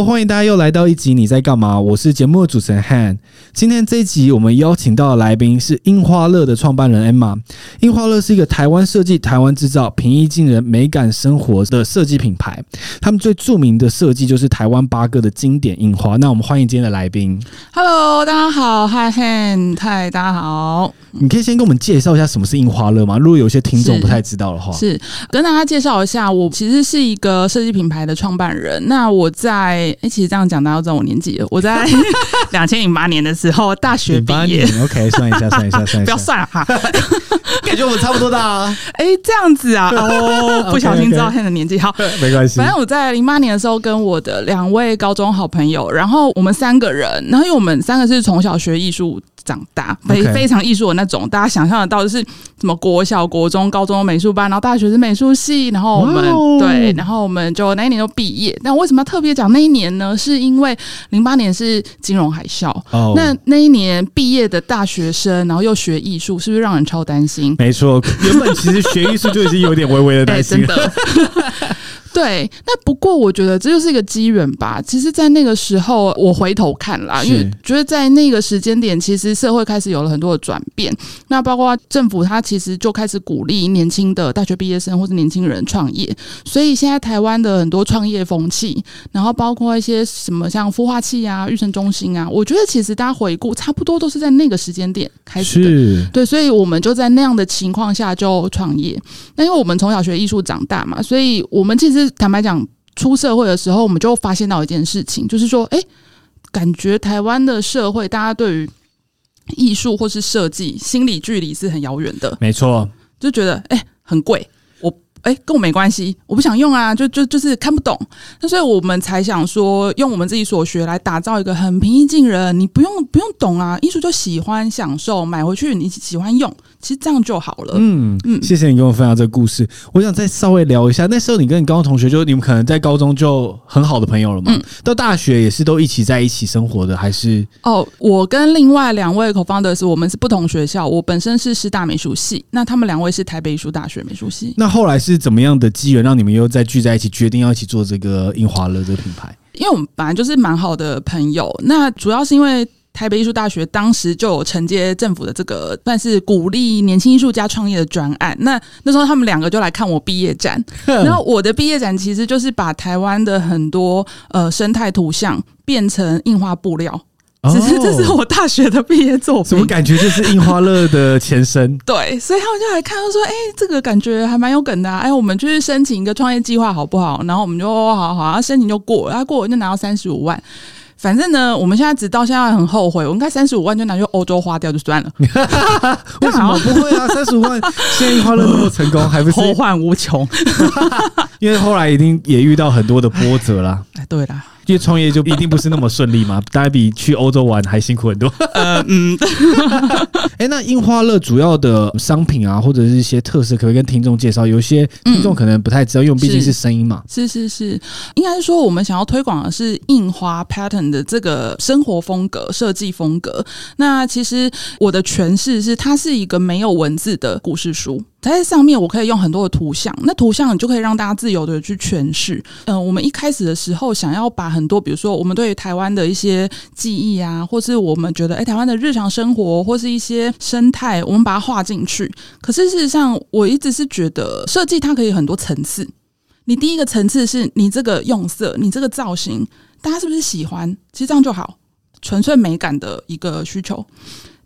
哦，歡迎大家又來到一集，你在幹嘛？我是節目的主持人 Han。今天這一集我們邀請到的來賓是印花樂的創辦人 Ama。印花樂是一個台灣設計、台灣製造、平易近人、美感生活的設計品牌。他們最著名的設計就是台灣八哥的經典印花。那我們歡迎今天的來賓。Hello，大家好，嗨嗨，嗨，大家好。你可以先跟我們介紹一下什麼是印花樂嗎？如果有些聽眾不太知道的話，是，是跟大家介紹一下，我其實是一個設計品牌的創辦人。那我在，欸、其實這樣講大家知道我年紀。我在兩千零八年的。時候，大學畢業。你你 ，OK，算一下，算一下，算一下，不要算了哈，感覺 我們差不多大啊。哎、欸，這樣子啊，哦，oh, Okay, okay, 不小心知道現在的年紀，好，沒關係。反正我在零八年的時候，跟我的兩位高中好朋友，然後我們三個人，然後因為我們三個是從小學藝術。長大非非常藝術的那種，Okay 大家想象得到的是什麼國小、國中、高中美術班，然後大學是美術系，然後我們 Wow 對，然後我們就那一年就畢業。但為什麼要特別講那一年呢？是因為零八年，是金融海嘯，oh、那那一年畢業的大學生，然後又學藝術，是不是讓人超擔心？沒錯，原本其實學藝術就已經有點微微的擔心了。 欸真的 對，那不過我覺得這就是一個機緣吧。其實，在那個時候，我回頭看啦，是因為覺得在那個時間點，其實社會開始有了很多的轉變。那包括政府，它其實就開始鼓勵年輕的大學畢業生或是年輕人創業。所以現在台灣的很多創業風氣，然後包括一些什麼像孵化器啊、育成中心啊，我覺得其實大家回顧，差不多都是在那個時間點開始的。是對，所以我們就在那樣的情況下就創業。那因為我們從小學藝術長大嘛，所以我們其實。坦白講，出社會的時候，我們就發現到一件事情，就是說，哎，感覺台灣的社會，大家對於藝術或是設計，心理距離是很遙遠的。沒錯，就覺得，哎，很貴，我，哎，跟我沒關係，我不想用啊，就就就是看不懂。那所以我們才想說，用我們自己所學來打造一個很平易近人，你不用不用懂啊，藝術就喜歡享受，買回去你喜歡用。其實這樣就好了。嗯嗯，嗯謝謝你跟我分享這個故事。我想再稍微聊一下，那時候你跟你高中同學就，就你們可能在高中就很好的朋友了嘛？嗯、到大學也是都一起在一起生活的，還是？哦，我跟另外兩位 cofounders，我們是不同學校。我本身是師大美術系，那他們兩位是台北藝術大學美術系。那後來是怎麼樣的機緣讓你們又再聚在一起，決定要一起做這個印花樂這個品牌？因為我們本來就是蠻好的朋友，那主要是因為。台北藝術大學當時就有承接政府的這個算是鼓勵年輕藝術家創業的專案。那那時候他們兩個就來看我畢業展，然後呵我的畢業展其實就是把台灣的很多呃生態圖像變成印花布料。哦、其實這是我大學的畢業作品，什麼感覺？就是印花樂的前身。 對，所以他們就來看，他說：“哎、欸，這個感覺還蠻有梗的、啊。哎、欸，我們去申請一個創業計劃好不好？”然後我們就：“哦、好好啊，申請就過，然、啊、後過我就拿到三十五萬。”反正呢，我們現在直到現在很後悔，我們應該三十五萬就拿去歐洲花掉就算了。 為什麼不會啊？三十五萬現在花了那麼成功，還不是後患無窮？ 因為後來已經也遇到很多的波折啦。哎，對啦。因為創業就一定不是那麼順利嘛， 大概比去歐洲玩還辛苦很多。呃， 嗯，誒、 欸，那印花樂主要的商品啊，或者是一些特色，可不可以跟聽眾介紹？有些聽眾可能不太知道，嗯、因為畢竟是聲音嘛是。是是是，應該是說我們想要推廣的是印花 pattern 的這個生活風格、設計風格。那其實我的詮釋是，它是一個沒有文字的故事書。在上面，我可以用很多的圖像，那圖像你就可以讓大家自由地去詮釋。嗯，我們一開始的時候想要把很多，比如說我們對於台灣的一些記憶啊，或是我們覺得誒、欸，台灣的日常生活或是一些生態，我們把它畫進去。可是事實上，我一直是覺得設計它可以很多層次。你第一個層次是你這個用色，你這個造型，大家是不是喜歡？其實這樣就好，純粹美感的一個需求。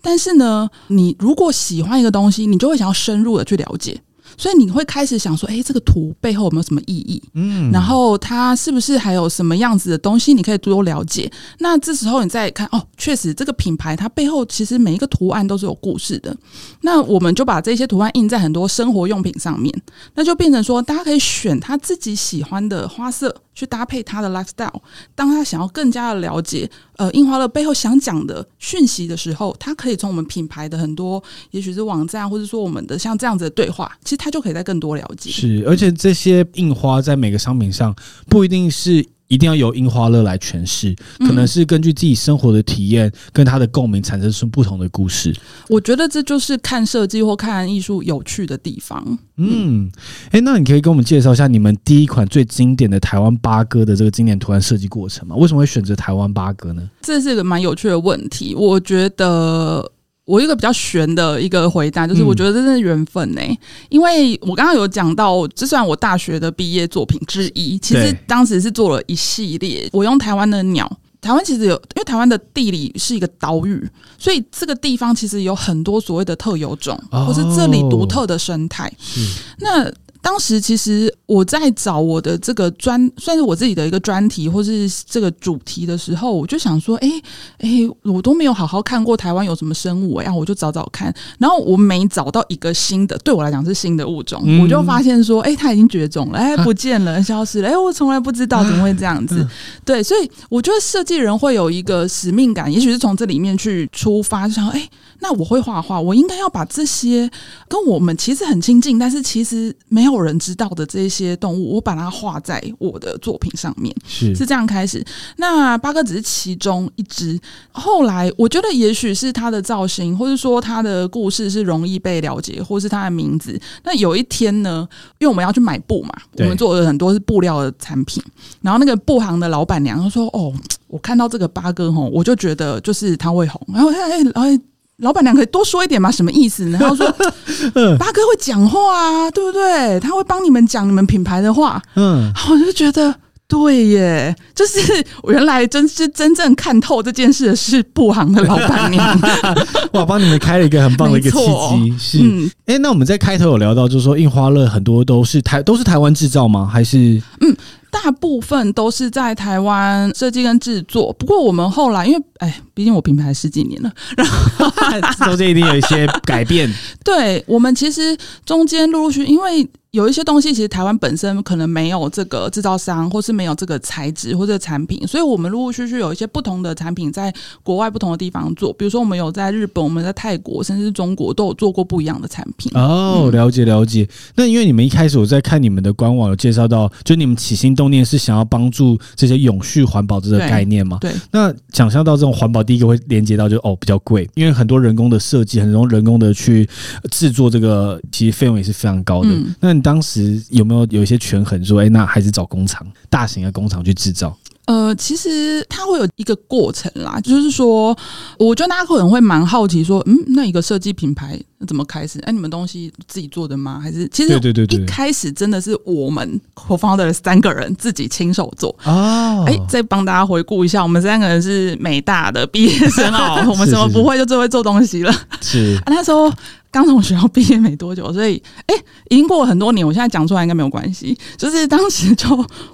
但是呢，你如果喜歡一個東西，你就會想要深入的去了解，所以你會開始想說，誒，這個圖背後有沒有什麼意義？嗯，然後它是不是還有什麼樣子的東西你可以多了解？那這時候你再看，哦，確實這個品牌它背後其實每一個圖案都是有故事的。那我們就把這些圖案印在很多生活用品上面，那就變成說，大家可以選他自己喜歡的花色。去搭配他的 lifestyle，當他想要更加的了解，呃，印花的背後想講的訊息的時候，他可以從我們品牌的很多，也許是網站，或者說我們的像這樣子的對話，其實他就可以再更多了解。是，而且這些印花在每個商品上不一定是。一定要由印花樂來詮釋，可能是根據自己生活的體驗、嗯、跟他的共鳴產生出不同的故事。我覺得這就是看設計或看藝術有趣的地方。嗯，誒、嗯欸，那你可以跟我們介紹一下你們第一款最經典的台灣八哥的這個經典圖案設計過程嗎？為什麼會選擇台灣八哥呢？這是一個蠻有趣的問題。我覺得。我一個比較玄的一個回答，就是我覺得這是緣分呢、欸。嗯、因為我剛剛有講到，就算我大學的畢業作品之一，其實當時是做了一系列，我用台灣的鳥，台灣其實有，因為台灣的地理是一個島嶼，所以這個地方其實有很多所謂的特有種，或是這裡獨特的生態，哦、那。當時其實我在找我的這個專，算是我自己的一個專題或是這個主題的時候，我就想說，誒誒，我都沒有好好看過台灣有什麼生物誒，哎、啊，我就找找看，然後我每找到一個新的，對我來講是新的物種，嗯、我就發現說，誒，它已經絕種了，誒，不見了，消失了，誒，我從來不知道怎麼會這樣子，對，所以我覺得設計人會有一個使命感，也許是從這裡面去出發，就想，誒。那我會畫畫，我應該要把這些跟我們其實很親近，但是其實沒有人知道的這些動物，我把它畫在我的作品上面，是是這樣開始。那八哥只是其中一只，後來我覺得也許是它的造型，或者說它的故事是容易被了解，或是它的名字。那有一天呢，因為我們要去買布嘛，我們做了很多是布料的產品，對然後那個布行的老板娘就說：“哦，我看到這個八哥吼，我就覺得就是他會紅。”然後他哎，哎、哎、哎。老闆娘可以多說一點嗎？什麼意思呢？然後說八、 嗯、哥會講話啊，對不對？他會幫你們講你們品牌的話。嗯，我就覺得對耶，就是原來真是真正看透這件事的是布行的老闆娘。 哇，幫你們開了一個很棒的一個契機。沒錯、是、嗯、欸，那我們在開頭有聊到，就是說印花樂很多都是台都是台灣製造嗎？還是嗯。大部分都是在台灣設計跟制作，不過我們後來因為哎，畢竟我品牌十幾年了，然後， 中間一定有一些改變。對，我們其實中間陸陸續，因為有一些東西，其實台灣本身可能沒有這個製造商，或是沒有這個材質或者產品，所以我們陸陸續續有一些不同的產品在國外不同的地方做。比如說，我們有在日本，我們在泰國，甚至是中國都有做過不一樣的產品。哦，了解了解。那因為你們一開始我在看你們的官網有介紹到，就你們起心動。是想要幫助這些永續環保這個概念嘛？對。對，那想象到這種環保，第一個會連接到就哦，比較貴，因為很多人工的設計，很多人工的去制作這個，其實費用也是非常高的。嗯、那你當時有沒有有一些權衡說，說、欸、哎，那還是找工廠，大型的工廠去製造？呃，其實它會有一個過程啦，就是說，我覺得大家可能會蠻好奇，說，嗯，那一個設計品牌怎麼開始？哎，你們東西自己做的嗎？還是其實對對對，一開始真的是我們 founder 的三個人自己親手做哦，哎、欸，再幫大家回顧一下，我們三個人是美大的畢業生哦、喔，是是是是我們什麼不會就最會做東西了？是、啊、那時候。剛從學校畢業沒多久，所以誒已經過了很多年，我現在講出來應該沒有關係。就是當時就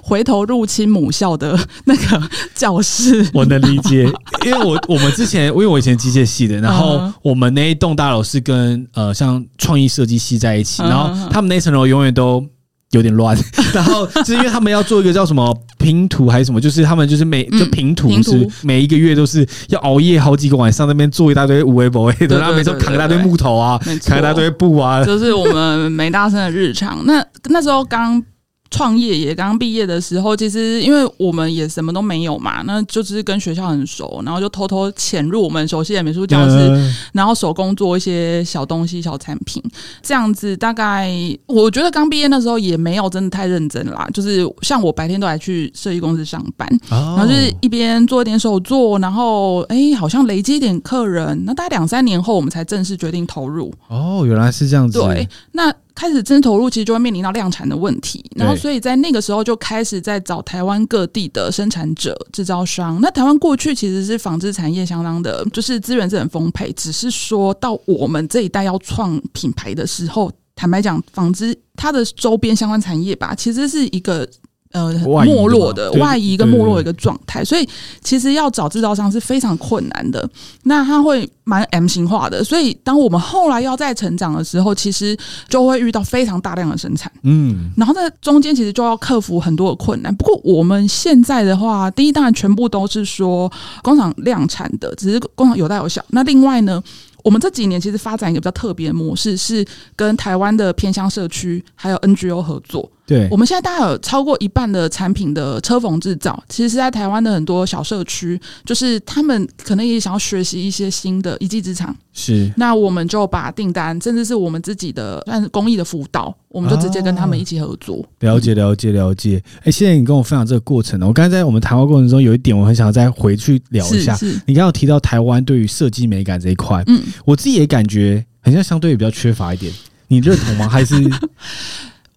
回頭入侵母校的那個教室，我能理解， 因為我 我們之前，因為我以前機械系的，然後我們那一棟大樓是跟呃像創意設計系在一起，然後他們那層樓永遠都，有點亂，然後是因為他們要做一個叫什麼拼圖 還是什麼，就是他們就是每、嗯、就拼圖是每一個月都是要熬夜好幾個晚上在那邊做一大堆五微博的，然後每周扛一大堆木頭啊，錯扛一大堆布啊，就是我們梅大生的日常。 那那時候剛。創業也剛畢業的時候，其實因為我們也什麼都沒有嘛，那就是跟學校很熟，然後就偷偷潛入我們熟悉的美術教室，嗯嗯嗯、然後手工做一些小東西、小產品，這樣子。大概我覺得剛畢業那時候也沒有真的太認真啦，就是像我白天都還去設計公司上班，哦、然後就是一邊做一點手作，然後哎、欸，好像累積一點客人。那大概兩三年後，我們才正式決定投入。哦，原來是這樣子。對，那。開始真投入，其實就會面臨到量產的問題，然後所以在那個時候就開始在找台灣各地的生產者、製造商。對那台灣過去其實是紡織產業相當的，就是資源是很豐沛，只是說到我們這一代要創品牌的時候，坦白講，紡織它的周邊相關產業吧，其實是一個。呃，沒落的外移跟沒落的一個狀態，對對對，所以其實要找製造商是非常困難的。那它會蠻 M 型化的，所以當我們後來要再成長的時候，其實就會遇到非常大量的生產。嗯，然後在中間其實就要克服很多的困難。不過我們現在的話，第一當然全部都是說工廠量產的，只是工廠有大有小。那另外呢，我們這幾年其實發展一個比較特別的模式，是跟台灣的偏鄉社區還有 NGO 合作。對，我們現在大概有超過一半的產品的車縫製造，其實是在台灣的很多小社區，就是他們可能也想要學習一些新的一技之長。是，那我們就把訂單，甚至是我們自己的，但是工藝的輔導，我們就直接跟他們一起合作。啊、了解、了解、了解。哎、欸，謝謝你跟我分享這個過程呢。我剛才在我們談話過程中有一點，我很想再回去聊一下。是，是你剛剛有提到台灣對於設計美感這一塊，嗯，我自己也感覺好像相對也比較缺乏一點。你認同嗎？ 還是？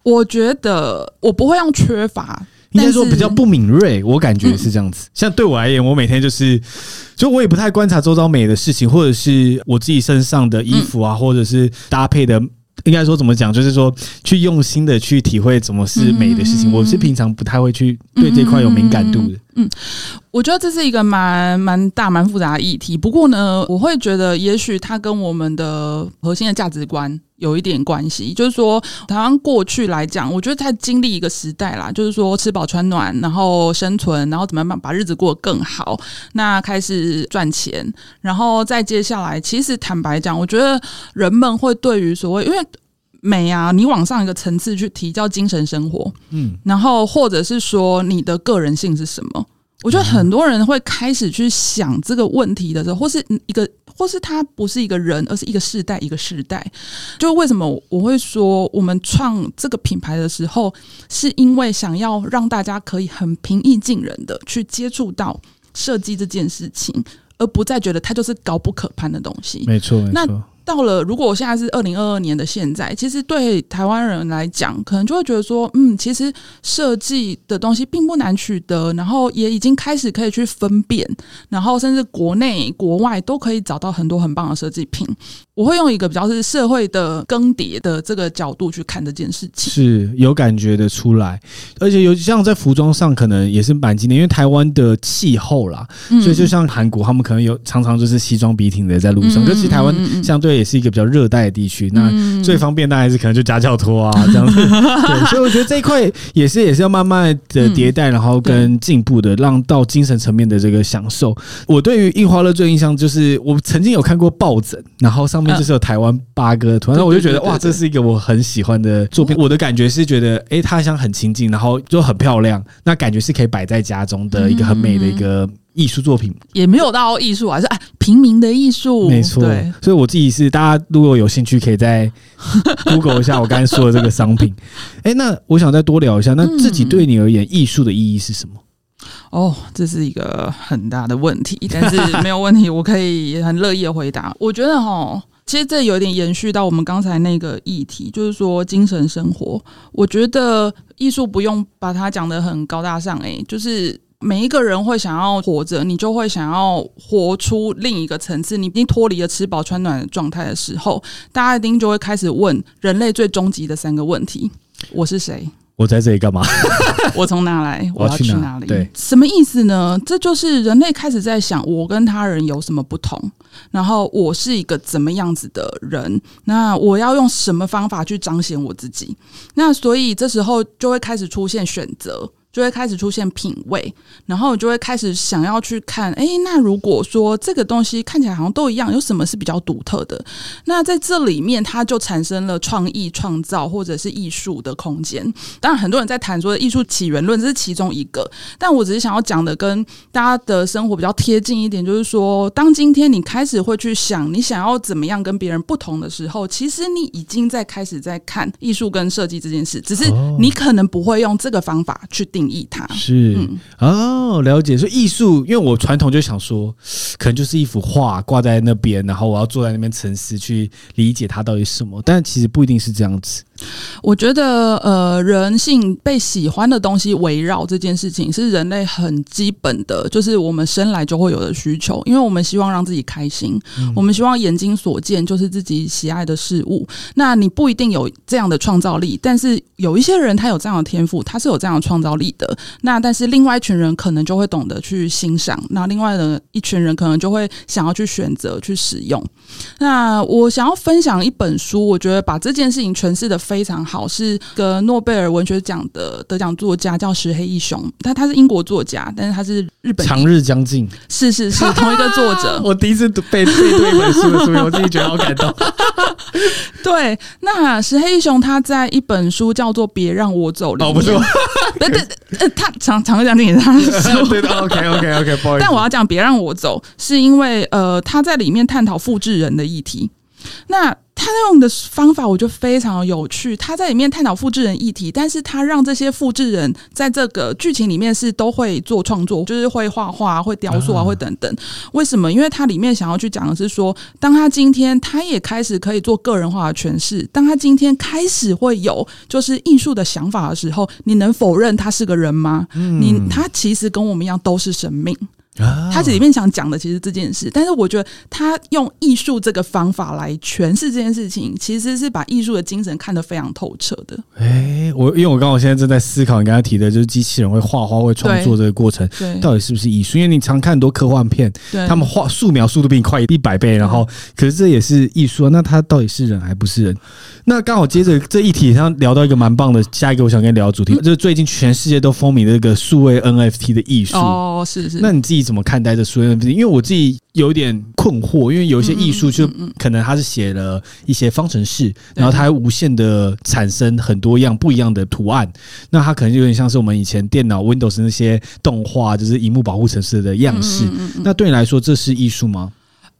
我覺得我不會用缺乏，應該說比較不敏銳。但是，我感覺是這樣子。嗯、像對我而言，我每天就是，就我也不太觀察周遭美的事情，或者是我自己身上的衣服啊，嗯、或者是搭配的。應該說怎麼講，就是說去用心的去體會怎麼是美的事情。嗯嗯嗯，我是平常不太會去對這塊有敏感度的。嗯，我覺得這是一個蠻蠻大蠻複雜的議題。不過呢，我會覺得也許它跟我們的核心的價值觀。有一點關係，就是說台灣過去來講，我覺得它經歷一個時代啦，就是說吃飽穿暖，然後生存，然後怎麼辦把日子過得更好，那開始賺錢，然後再接下來，其實坦白講，我覺得人們會對於所謂因為美啊，你往上一個層次去提，叫精神生活，嗯，然後或者是說你的個人性是什麼。我覺得很多人會開始去想這個問題的時候，或是一個，或是他不是一個人，而是一個世代，一個世代。就為什麼我會說，我們創這個品牌的時候，是因為想要讓大家可以很平易近人的去接觸到設計這件事情，而不再覺得它就是高不可攀的東西。沒錯，沒錯。到了，如果我現在是二零二二年的現在，其實對台灣人來講，可能就會覺得說，嗯，其實設計的東西並不難取得，然後也已經開始可以去分辨，然後甚至國內國外都可以找到很多很棒的設計品。我會用一個比較是社會的更迭的這個角度去看這件事情，是有感覺的出來，而且尤其像在服裝上，可能也是蠻經典，因為台灣的氣候啦，嗯嗯所以就像韓國，他們可能有常常就是西裝筆挺的在路上，可是台灣相對。也是一個比較熱帶的地區，那最方便，那還是可能就夾腳拖啊這樣子、嗯對，所以我覺得這一塊也是也是要慢慢的迭代，嗯、然後跟進步的，對讓到精神層面的這個享受。我對於印花樂最印象就是我曾經有看過抱枕，然後上面就是有台灣八哥的圖案，那我就覺得、啊、哇，這是一個我很喜歡的作品。我的感覺是覺得，誒、欸，它好像很親近，然後就很漂亮，那感覺是可以擺在家中的一個很美的一個藝術作品，也沒有到藝術、啊，還是哎、啊。平民的藝術，沒錯錯。對所以我自己是，大家如果有興趣，可以再 Google 一下我剛才說的這個商品。哎、 欸，那我想再多聊一下，那自己對你而言，藝術、嗯、的意義是什麼？哦，這是一個很大的問題，但是沒有問題，我可以很樂意的回答。 我覺得，齁，其實這有點延續到我們剛才那個議題，就是說精神生活。我覺得藝術不用把它講得很高大上、欸，哎，就是。每一個人會想要活着，你就會想要活出另一個層次。你已經脫離了吃飽穿暖的狀態的時候，大家一定就會開始問人類最終極的三個問題：我是誰？我在這裡幹嘛？ 我從哪來？我要去哪裡？哪對，什麼意思呢？這就是人類開始在想我跟他人有什麼不同，然後我是一個怎麼樣子的人？那我要用什麼方法去彰顯我自己？那所以這時候就會開始出現選擇。就會開始出現品味，然後你就會開始想要去看。誒，那如果說這個東西看起來好像都一樣，有什麼是比較獨特的？那在這裡面，它就產生了創意、創造或者是藝術的空間。當然，很多人在談說的藝術起源論，這是其中一個。但我只是想要講的跟大家的生活比較貼近一點，就是說，當今天你開始會去想，你想要怎麼樣跟別人不同的時候，其實你已經在開始在看藝術跟設計這件事，只是你可能不會用這個方法去定。定義它是、嗯、哦，了解。所以藝術，因為我傳統就想說，可能就是一幅畫掛在那邊，然後我要坐在那邊沉思去理解它到底是什麼。但其實不一定是這樣子。我覺得，呃，人性，被喜歡的東西圍繞這件事情，是人類很基本的，就是我們生來就會有的需求。因為我們希望讓自己開心，嗯、我們希望眼睛所見就是自己喜愛的事物。那你不一定有這樣的創造力，但是有一些人他有這樣的天賦，他是有這樣的創造力的。那但是另外一群人可能就會懂得去欣賞，那另外的一群人可能就會想要去選擇去使用。那我想要分享一本書，我覺得把這件事情詮釋的。非常好，是個諾貝爾文學獎的得獎作家，叫石黑一雄。他他是英國作家，但是他是日本長日將近是是是同一個作者。啊、我第一次讀被自己讀一本書,書，讀的 我自己覺得好感動。 對，那、啊、石黑一雄，他在一本書叫做《別讓我走》。哦，不，錯不是，等等、呃，他長長日將近也是他的書。 對的，OK OK OK，不好意思。但我要講《別讓我走》是因為呃，他在裡面探討複製人的議題。那他用的方法，我覺得非常有趣。他在裡面探討複製人議題，但是他讓這些複製人在這個劇情裡面是都會做創作，就是會畫畫、會雕塑啊、會等等。為什麼？因為他裡面想要去講的是說，當他今天他也開始可以做個人化的詮釋，當他今天開始會有就是藝術的想法的時候，你能否認他是個人嗎？你他其實跟我們一樣都是生命。啊、他這裡面想講的其實這件事，但是我覺得他用藝術這個方法來詮釋這件事情，其實是把藝術的精神看得非常透徹的。哎、欸，我因為我剛剛現在正在思考你剛才提的，就是機器人會畫畫、會創作這個過程，對，對，到底是不是藝術？因為你常看很多科幻片，對，他們畫素描速度比你快一百倍，然後可是這也是藝術，那他到底是人還不是人？那剛好接着這一題，然後聊到一個蠻棒的，下一個我想跟你聊的主題就是最近全世界都風靡這的一個數位 NFT 的藝術。哦，是是。那你自己怎麼看待這數位 NFT？因為我自己有一點困惑，因為有一些藝術就可能它是寫了一些方程式，然後它還無限的產生很多樣不一樣的圖案。那它可能就有點像是我們以前電腦 Windows 那些動畫，就是熒幕保護程式的樣式。那對你來說，這是藝術嗎？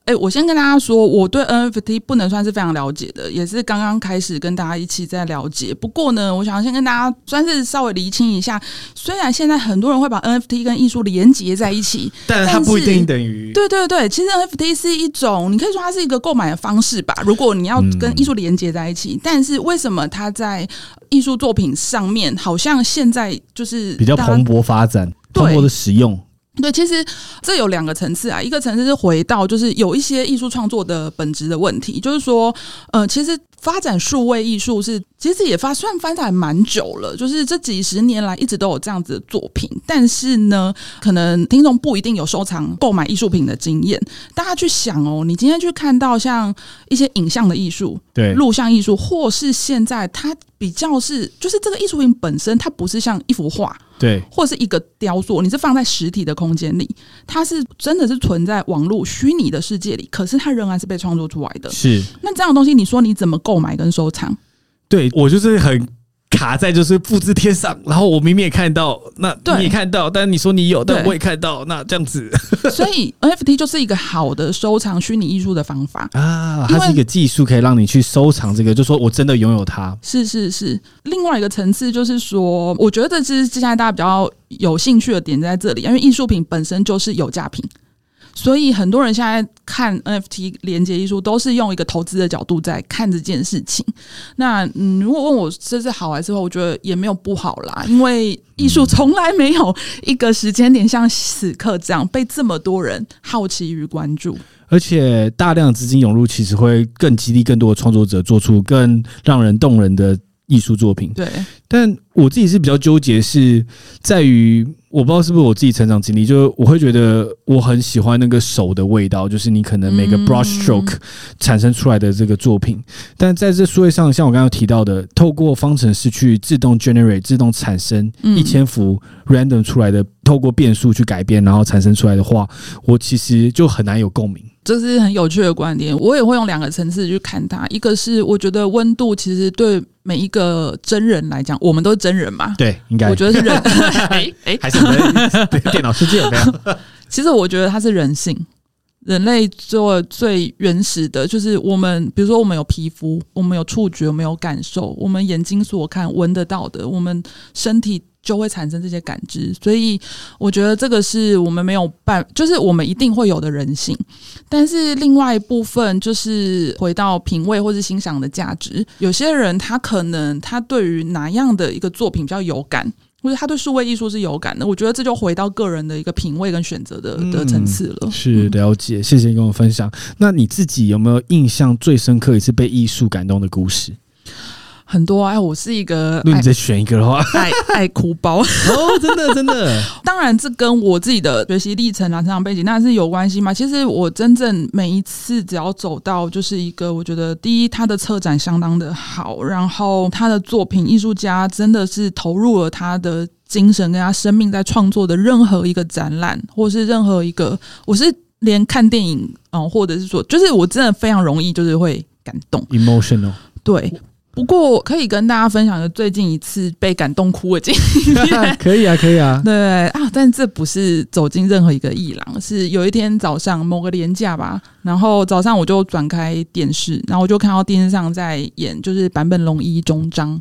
哎、欸，我先跟大家說，我對 NFT 不能算是非常了解的，也是剛剛開始跟大家一起在了解。不過呢，我想先跟大家算是稍微釐清一下，雖然現在很多人會把 NFT 跟藝術連接在一起，但，是但它不一定等於。對對對，其實 NFT 是一種，你可以說它是一個購買的方式吧。如果你要跟藝術連接在一起，但是為什麼它在藝術作品上面好像現在就是比較蓬勃發展，對蓬勃的使用？對，其實這有兩個層次啊，一個層次是回到，就是有一些藝術創作的本質的問題，就是說，呃，其實。發展數位藝術是，其實也發，雖然發展蠻久了，就是這幾十年來一直都有這樣子的作品，但是呢，可能聽眾不一定有收藏、購買藝術品的經驗。大家去想哦，你今天去看到像一些影像的藝術，對，錄像藝術，或是現在它比較是，就是這個藝術品本身，它不是像一幅畫，對，或是一個雕塑，你是放在實體的空間裡，它是真的是存在網絡虛擬的世界裡，可是它仍然是被創作出來的。是，那這樣的東西，你說你怎麼購？購買跟收藏對，對我就是很卡在就是複製貼上，然後我明明也看到，那你也看到，但是你說你有，但我也看到，那這樣子，對 所以 NFT 就是一個好的收藏虛擬藝術的方法啊，為它是一個技術可以讓你去收藏這個，就說我真的擁有它，是是是。另外一個層次就是說，我覺得這是接下來大家比較有興趣的點在這裡，因為藝術品本身就是有價品。所以很多人現在看 NFT 連接藝術，都是用一個投資的角度在看這件事情。那，嗯，如果問我這是好還是壞，我覺得也沒有不好啦，因為藝術從來沒有一個時間點像此刻這樣被這麼多人好奇與關注，而且大量資金湧入，其實會更激勵更多的創作者做出更讓人動人的。藝術作品，對，但我自己是比較糾結，是在於我不知道是不是我自己成長經歷，就我會覺得我很喜歡那個手的味道，就是你可能每個 brush stroke 產生出來的這個作品，嗯、但在這社會上，像我剛剛提到的，透過方程式去自動 generate 自動產生一千幅 random 出來的，嗯、透過變數去改變，然後產生出來的畫，我其實就很難有共鳴。這是很有趣的觀點，我也會用兩個層次去看它。一個是我覺得溫度其實對每一個真人來講，我們都是真人嘛，對，應該我覺得是人哎哎， 欸欸、還是人？對電腦世界有沒有？其實我覺得它是人性，人類做最原始的就是我們，比如說我們有皮膚，我們有觸覺，我們有感受，我們眼睛所看、聞得到的，我們身體。就會產生這些感知，所以我覺得這個是我們沒有辦，就是我們一定會有的人性。但是另外一部分就是回到品味或是欣賞的價值，有些人他可能他對於哪樣的一個作品比較有感，或者他對數位藝術是有感的，我覺得這就回到個人的一個品味跟選擇的的層次了。嗯、是了解，謝謝你跟我分享。那你自己有沒有印象最深刻一次被藝術感動的故事？很多、啊、哎，我是一個。那你再選一個的話，愛愛哭包哦，真的真的。 當然，這跟我自己的學習歷程、啊、成長背景，那是有關係嘛。其實我真正每一次，只要走到就是一個，我覺得第一，他的策展相當的好，然後他的作品，藝術家真的是投入了他的精神跟他生命在創作的任何一個展覽，或是任何一個，我是連看電影啊、呃，或者是說，就是我真的非常容易，就是會感動，emotional，對。不過可以跟大家分享的最近一次被感動哭的經歷、啊、可以啊，可以啊，對啊，但這不是走進任何一個藝廊，是有一天早上某個連假吧，然後早上我就轉開電視，然後我就看到電視上在演就是坂本龍一終章。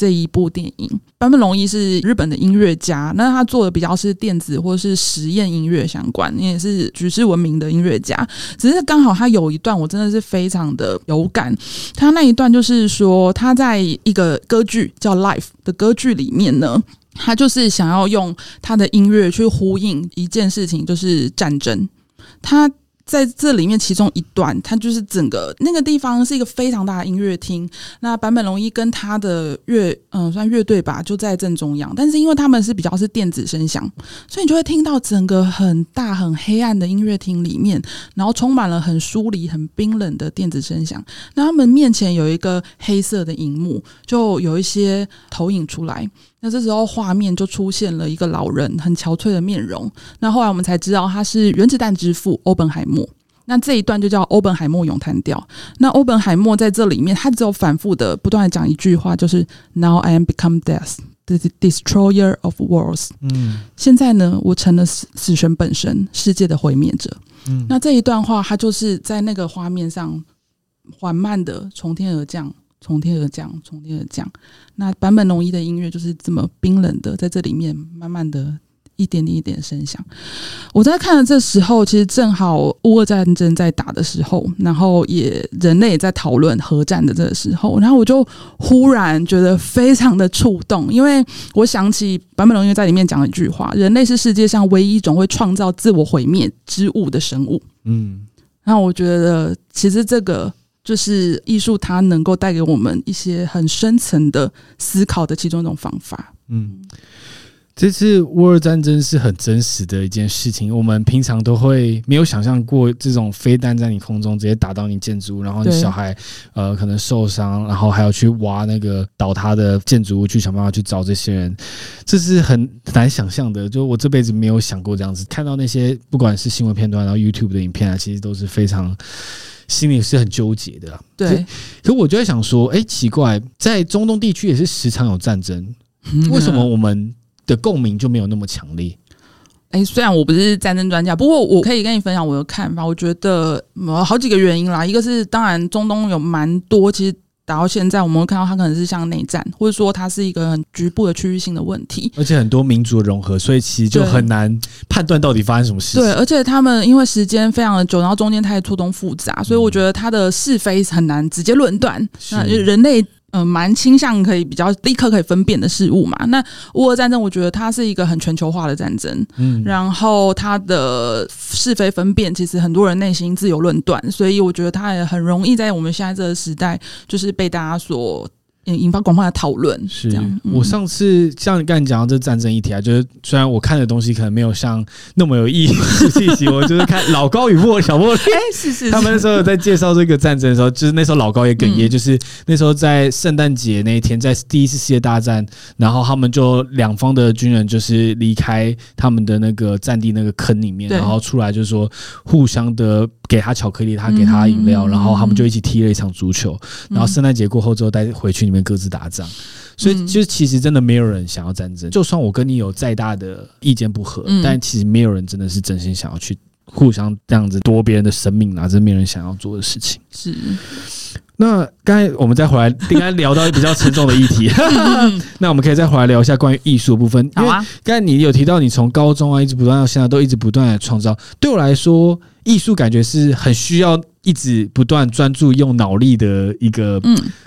這一部電影，坂本龍一是日本的音樂家，那他做的比較是電子或是實驗音樂相關，也，也是舉世聞名的音樂家。只是剛好他有一段，我真的是非常的有感。他那一段就是說，他在一個歌劇叫《Life》的歌劇裡面呢，他就是想要用他的音樂去呼應一件事情，就是戰爭。他在這裡面，其中一段，它就是整個那個地方是一個非常大的音樂廳。那坂本龍一跟他的樂，嗯，算樂隊吧，就在正中央。但是因為他們是比較是電子聲響，所以你就會聽到整個很大、很黑暗的音樂廳裡面，然後充滿了很疏離、很冰冷的電子聲響。那他們面前有一個黑色的熒幕，就有一些投影出來。那這時候畫面就出現了一個老人，很憔悴的面容。那後來我們才知道他是原子彈之父歐本海默。那這一段就叫歐本海默詠嘆調。那歐本海默在這裡面，他只有反覆的、不斷的講一句話，就是 "Now I am become death, the destroyer of worlds。"嗯，現在呢，我成了死死神本身，世界的毀滅者。嗯，那這一段話，他就是在那個畫面上緩慢的從天而降。從天而降，從天而降。那坂本龍一的音樂就是這麼冰冷的，在這裡面慢慢的一點點一點聲響。我在看的這時候，其實正好烏俄戰爭在打的時候，然後也人類也在討論核戰的這個時候，然後我就忽然覺得非常的觸動，因為我想起坂本龍一在裡面講了一句話：“人類是世界上唯一一種會創造自我毀滅之物的生物。”嗯，那我覺得其實這個。就是藝術，它能夠帶給我們一些很深層的思考的其中一種方法。嗯。這次烏俄戰爭是很真實的一件事情，我們平常都會沒有想象過這種飛彈在你空中直接打到你建築物，然後你小孩呃可能受傷，然後還要去挖那個倒塌的建築物去想辦法去找這些人，這是很難想象的。就我這輩子沒有想過這樣子，看到那些不管是新聞片段，然後 YouTube 的影片啊，其實都是非常心裡是很糾結的。對，可是可是我就在想說，哎，奇怪，在中東地區也是時常有戰爭，為什麼我們？的共鳴就沒有那麼強烈。哎、欸，雖然我不是戰爭專家，不過我可以跟你分享我的看法。我覺得、嗯、好幾個原因啦，一個是當然中東有蠻多，其實打到現在我們會看到它可能是像內戰，或者說它是一個很局部的區域性的問題，而且很多民族融合，所以其實就很難判斷到底發生什麼事情。對，而且他們因為時間非常的久，然後中間它也錯綜複雜，所以我覺得它的是非很難直接論斷。嗯、那人類。嗯，蠻傾向可以比較立刻可以分辨的事物嘛。那烏俄戰爭，我覺得它是一個很全球化的戰爭，嗯，然後它的是非分辨，其實很多人內心自有論斷，所以我覺得它也很容易在我們現在這個時代，就是被大家所。也引發廣泛的討論。是，這樣嗯、我上次像你剛才講到這戰爭議題啊，就是雖然我看的東西可能沒有像那麼有意義的信息 我就是看老高與莫小莫，欸、是是是是，他們那時候在介紹這個戰爭的時候，就是那時候老高也哽咽，嗯、就是那時候在聖誕節那一天，在第一次世界大戰，然後他們就兩方的軍人就是離開他們的那個戰地那個坑裡面，對然後出來就是說互相的。給他巧克力，他給他飲料，嗯、然後他們就一起踢了一場足球。嗯、然後聖誕節過後之後，再回去裡面各自打仗。嗯、所以，就其實真的沒有人想要戰爭。就算我跟你有再大的意見不合，嗯、但其實沒有人真的是真心想要去互相這樣子奪別人的生命啊，這是沒有人想要做的事情。是。那剛才我們再回來，應該聊到一個比較沉重的議題。 那我們可以再回來聊一下關於藝術部分。因為，剛才你有提到你從高中啊一直不斷到現在都一直不斷的創造，對我來說，藝術感覺是很需要。一直不斷專注用腦力的一個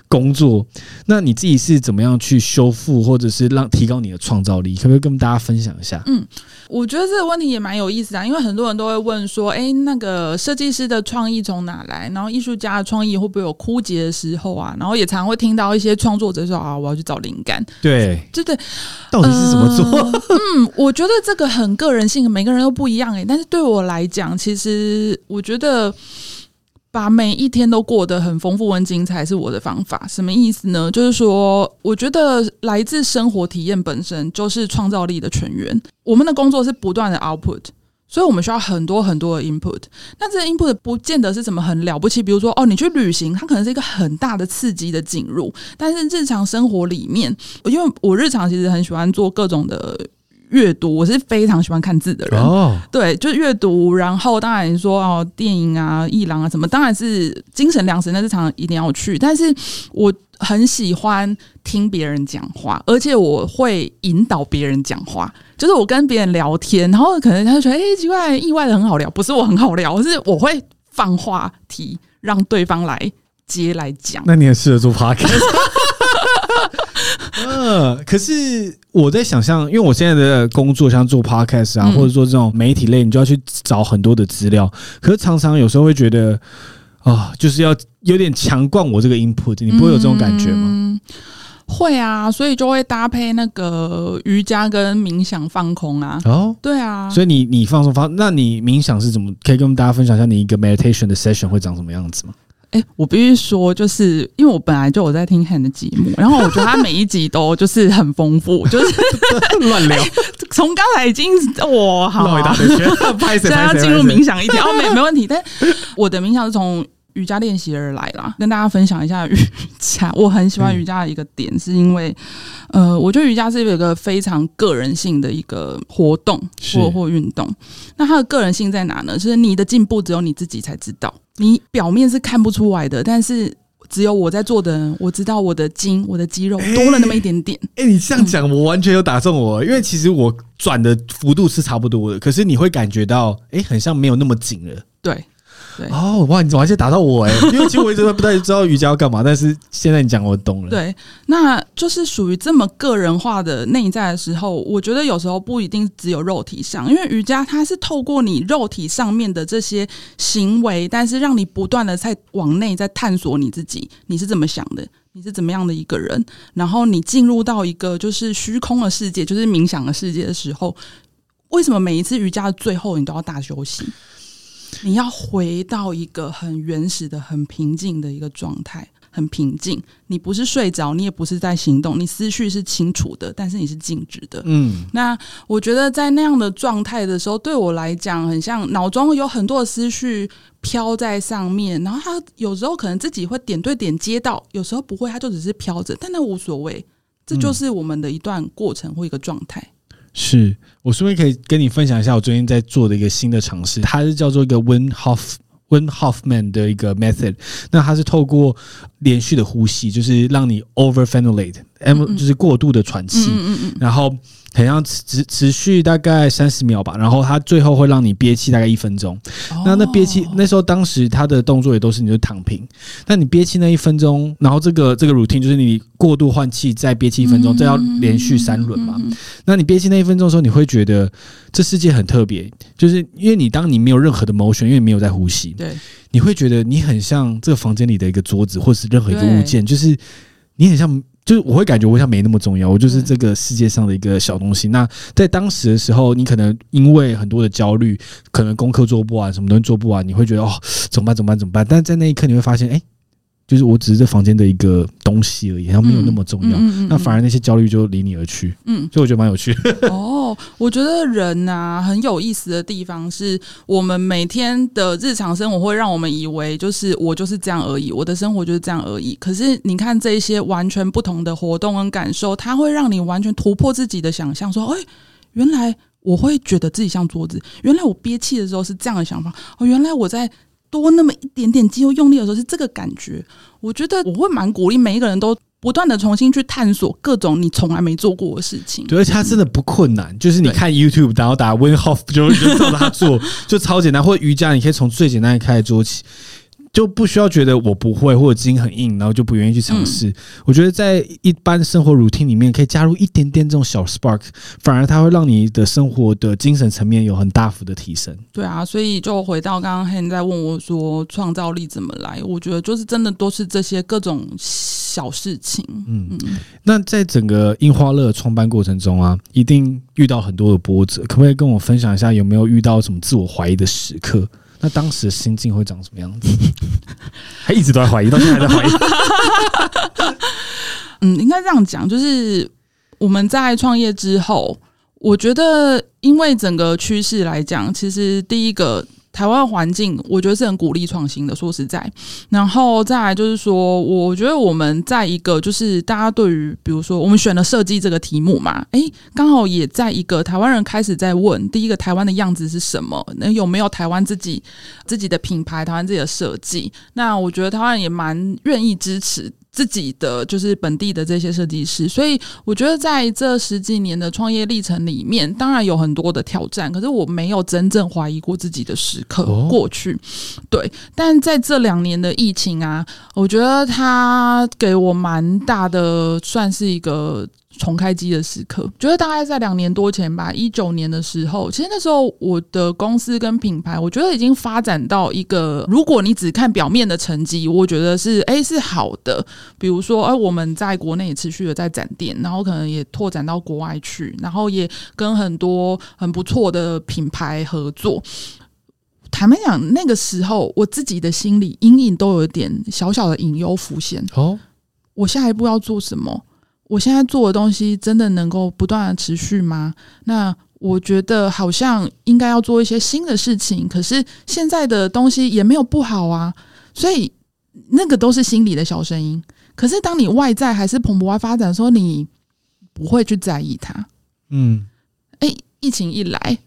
工作，嗯、那你自己是怎麼樣去修復或者是讓提高你的創造力？可不可以跟大家分享一下？嗯，我覺得這個問題也蠻有意思啊，因為很多人都會問說：“哎，那個設計師的創意從哪來？然後藝術家的創意會不會有枯竭的時候啊？”然後也常會聽到一些創作者說：“啊，我要去找靈感。”對，就對，對到底是怎麼做、呃？嗯，我覺得這個很個人性，每個人都不一樣哎、欸。但是對我來講，其實我覺得。把每一天都過得很豐富、很精彩是我的方法。什麼意思呢？就是說，我覺得來自生活體驗本身就是創造力的泉源。我們的工作是不斷的 output，所以我們需要很多很多的 input。那這些 input 不見得是什麼很了不起。比如說，哦，你去旅行，它可能是一個很大的刺激的進入。但是日常生活裡面，因為我日常其實很喜歡做各種的。閱讀我是非常喜歡看字的人，Oh. 對，就是閱讀。然後當然說哦，電影啊、藝廊啊什麼，當然是精神糧食，那日常,常一定要去。但是我很喜歡聽別人講話，而且我會引導別人講話，就是我跟別人聊天，然後可能他就覺得哎、欸，奇怪，意外的很好聊，不是我很好聊，是我會放話題讓對方來接來講。那你也適合做 Podcast。嗯、呃，可是我在想象，因為我現在的工作像做 podcast 啊，或者說這種媒體類，你就要去找很多的資料。可是常常有時候會覺得，啊、呃，就是要有點強灌我這個 input，你不會有這種感覺嗎、嗯？會啊，所以就會搭配那個瑜伽跟冥想放空啊。哦，對啊，所以你你放鬆放，那你冥想是怎麼？可以跟我們大家分享一下你一個 meditation 的 session 會長什麼樣子嗎？哎、欸，我必須說，就是因為我本來就我在聽 Han 的節目，然後我覺得他每一集都就是很豐富，就是 亂聊、欸。從剛才已經哇、哦，好、啊，大學好意現在要進入冥想一條、哦、沒沒問題。但我的冥想是從瑜伽練習而來啦，跟大家分享一下瑜伽。我很喜歡瑜伽的一個點，嗯、是因為呃，我覺得瑜伽是有一個非常個人性的一個活動或或運動。是 那它的個人性在哪呢？就是你的進步只有你自己才知道。你表面是看不出來的，但是只有我在做的人，我知道我的筋、我的肌肉多了那麼一點點。哎、欸，欸，你這樣講，我完全有打中我，嗯、因為其實我轉的幅度是差不多的，可是你會感覺到，哎、欸，好像沒有那麼緊了。對。哦哇！對 oh, wow, 你怎麼還先打到我哎、欸？因為其實我一直都不太知道瑜伽要幹嘛， 但是現在你講我懂了。對，那就是屬於這麼個人化的內在的時候，我覺得有時候不一定只有肉體上，因為瑜伽它是透過你肉體上面的這些行為，但是讓你不斷的在往內在探索你自己，你是怎麼想的，你是怎麼樣的一個人，然後你進入到一個就是虛空的世界，就是冥想的世界的時候，為什麼每一次瑜伽的最後你都要大休息？你要回到一個很原始的、很平靜的一個狀態，很平靜。你不是睡着，你也不是在行動，你思緒是清楚的，但是你是靜止的。嗯，那我覺得在那樣的狀態的時候，對我來講，很像腦中有很多的思緒飄在上面，然後他有時候可能自己會點對點接到，有時候不會，他就只是飄着，但那無所謂。這就是我們的一段過程或一個狀態。嗯是我順便可以跟你分享一下，我最近在做的一個新的嘗試，它是叫做一個 Win Hoff, Win Hoffman 的一個 method。那它是透過連續的呼吸，就是讓你 over ventilate，就是過度的喘氣，嗯嗯然後。好像持持續大概三十秒吧，然後它最後會讓你憋氣大概一分鐘。哦、那那憋氣那時候當時他的動作也都是你就躺平。那你憋氣那一分鐘，然後這個這個 routine 就是你過度換氣再憋氣一分鐘，再、嗯、要連續三輪嘛？嗯嗯嗯嗯、那你憋氣那一分鐘的時候，你會覺得這世界很特別，就是因為你當你沒有任何的 motion，因為你沒有在呼吸，對，你會覺得你很像這個房間裡的一個桌子，或是任何一個物件，對就是你很像。就是我會感覺我像沒那麼重要，我就是這個世界上的一個小東西。那在當時的時候，你可能因為很多的焦慮，可能功課做不完，什麼東西做不完，你會覺得哦，怎麼辦？怎麼辦？怎麼辦？但在那一刻，你會發現，哎、欸。就是我只是這房間的一個東西而已，它沒有那麼重要。嗯嗯嗯嗯、那反而那些焦慮就離你而去。嗯，所以我覺得蠻有趣。哦，呵呵我覺得人吶、啊、很有意思的地方是我們每天的日常生活會讓我們以為，就是我就是這樣而已，我的生活就是這樣而已。可是你看這一些完全不同的活動和感受，它會讓你完全突破自己的想象。說，哎、欸，原來我會覺得自己像桌子。原來我憋氣的時候是這樣的想法。哦，原來我在。多那麼一點點肌肉用力的時候是這個感覺，我覺得我會蠻鼓勵每一個人都不斷的重新去探索各種你從來沒做過的事情。對，而且它真的不困難，嗯、就是你看 YouTube，對然後打 Wim Hof，就照他做， 就超簡單。或者瑜伽，你可以從最簡單的開始做起。就不需要覺得我不會或者基因很硬，然後就不願意去嘗試。嗯、我覺得在一般生活 routine 裡面可以加入一點點這種小 spark，反而它會讓你的生活的精神層面有很大幅的提升。對啊，所以就回到剛剛 Han 在問我說創造力怎麼來，我覺得就是真的都是這些各種小事情。嗯，那在整個印花樂創辦過程中啊，一定遇到很多的波折，可不可以跟我分享一下有沒有遇到什麼自我懷疑的時刻？那當時心境會長什麼樣子？ 還一直都在懷疑，到現在還在懷疑。 嗯，應該這樣講，就是我們在創業之後，我覺得因為整個趨勢來講，其實第一個。台灣環境，我覺得是很鼓勵創新的。說實在，然後再來就是說，我覺得我們在一個就是大家對於，比如說我們選了設計這個題目嘛，誒、欸，剛好也在一個台灣人開始在問第一個台灣的樣子是什麼？那、欸、有沒有台灣自己自己的品牌？台灣自己的設計？那我覺得台灣也蠻願意支持。自己的就是本地的這些設計師，所以我覺得在這十幾年的創業歷程裡面，當然有很多的挑戰，可是我沒有真正懷疑過自己的時刻。Oh. 過去，對，但在這兩年的疫情啊，我覺得它給我蠻大的，算是一個。重開機的時刻，覺得大概在兩年多前吧，一九年的時候，其實那時候我的公司跟品牌，我覺得已經發展到一個，如果你只看表面的成績，我覺得是哎、欸、是好的，比如說哎、呃、我們在國內也持續的在展店，然後可能也拓展到國外去，然後也跟很多很不錯的品牌合作。坦白講，那個時候我自己的心裡隱隱都有一點小小的隱憂浮現。哦，我下一步要做什麼？我現在做的東西真的能夠不斷的持續嗎？那我覺得好像應該要做一些新的事情，可是現在的東西也沒有不好啊，所以那個都是心裡的小聲音。可是當你外在還是蓬勃發展，說你不會去在意它，嗯，哎、欸，疫情一來。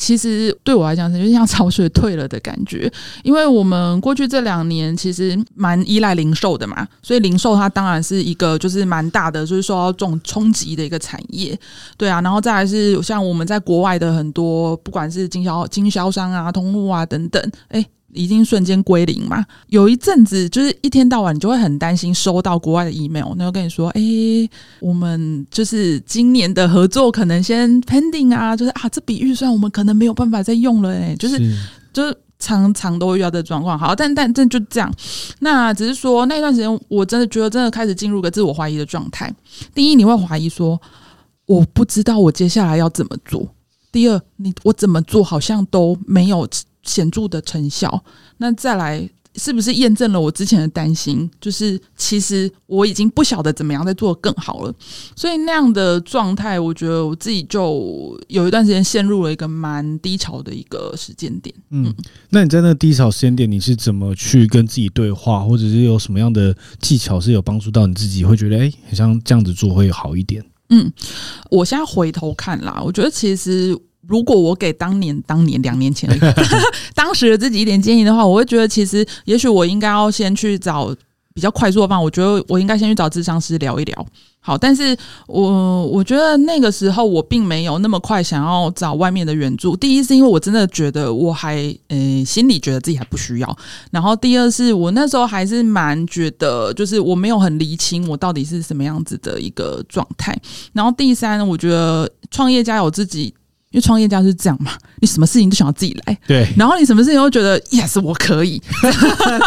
其實對我來講，是有點像潮水退了的感覺，因為我們過去這兩年其實蠻依賴零售的嘛，所以零售它當然是一個就是蠻大的，就是說這種衝擊的一個產業，對啊，然後再來是像我們在國外的很多，不管是經銷經銷商啊、通路啊等等，哎。已經瞬間歸零嘛。有一陣子，就是一天到晚你就會很擔心收到國外的 email。那我跟你說，欸，我們就是今年的合作可能先 pending 啊，就是啊，這筆預算我們可能沒有辦法再用了欸，就是，是就是常常都會遇到的狀況。好，但但這就這樣。那只是說那段時間，我真的覺得真的開始進入個自我懷疑的狀態。第一，你會懷疑說我不知道我接下來要怎麼做。第二，你我怎麼做好像都沒有。顯著的成效，那再來是不是驗證了我之前的擔心？就是其實我已經不曉得怎麼樣再做更好了，所以那樣的狀態，我覺得我自己就有一段時間陷入了一個蠻低潮的一個時間點。嗯，嗯，那你在那低潮時間點，你是怎麼去跟自己對話，或者是有什麼樣的技巧是有幫助到你自己，會覺得哎，好、欸、像這樣子做會好一點？嗯，我現在回頭看啦，我覺得其實。如果我給當年、當年兩年前、當時的自己一點建議的話，我會覺得其實也許我應該要先去找比較快速的辦法。我覺得我應該先去找諮商師聊一聊。好，但是我我覺得那個時候我並沒有那麼快想要找外面的援助。第一是因為我真的覺得我還嗯、欸、心裡覺得自己還不需要。然後第二是我那時候還是蠻覺得就是我沒有很釐清我到底是什麼樣子的一個狀態。然後第三，我覺得創業家有自己。因為創業家是這樣嘛，你什麼事情都想要自己來，對，然後你什麼事情都覺得 yes 我可以，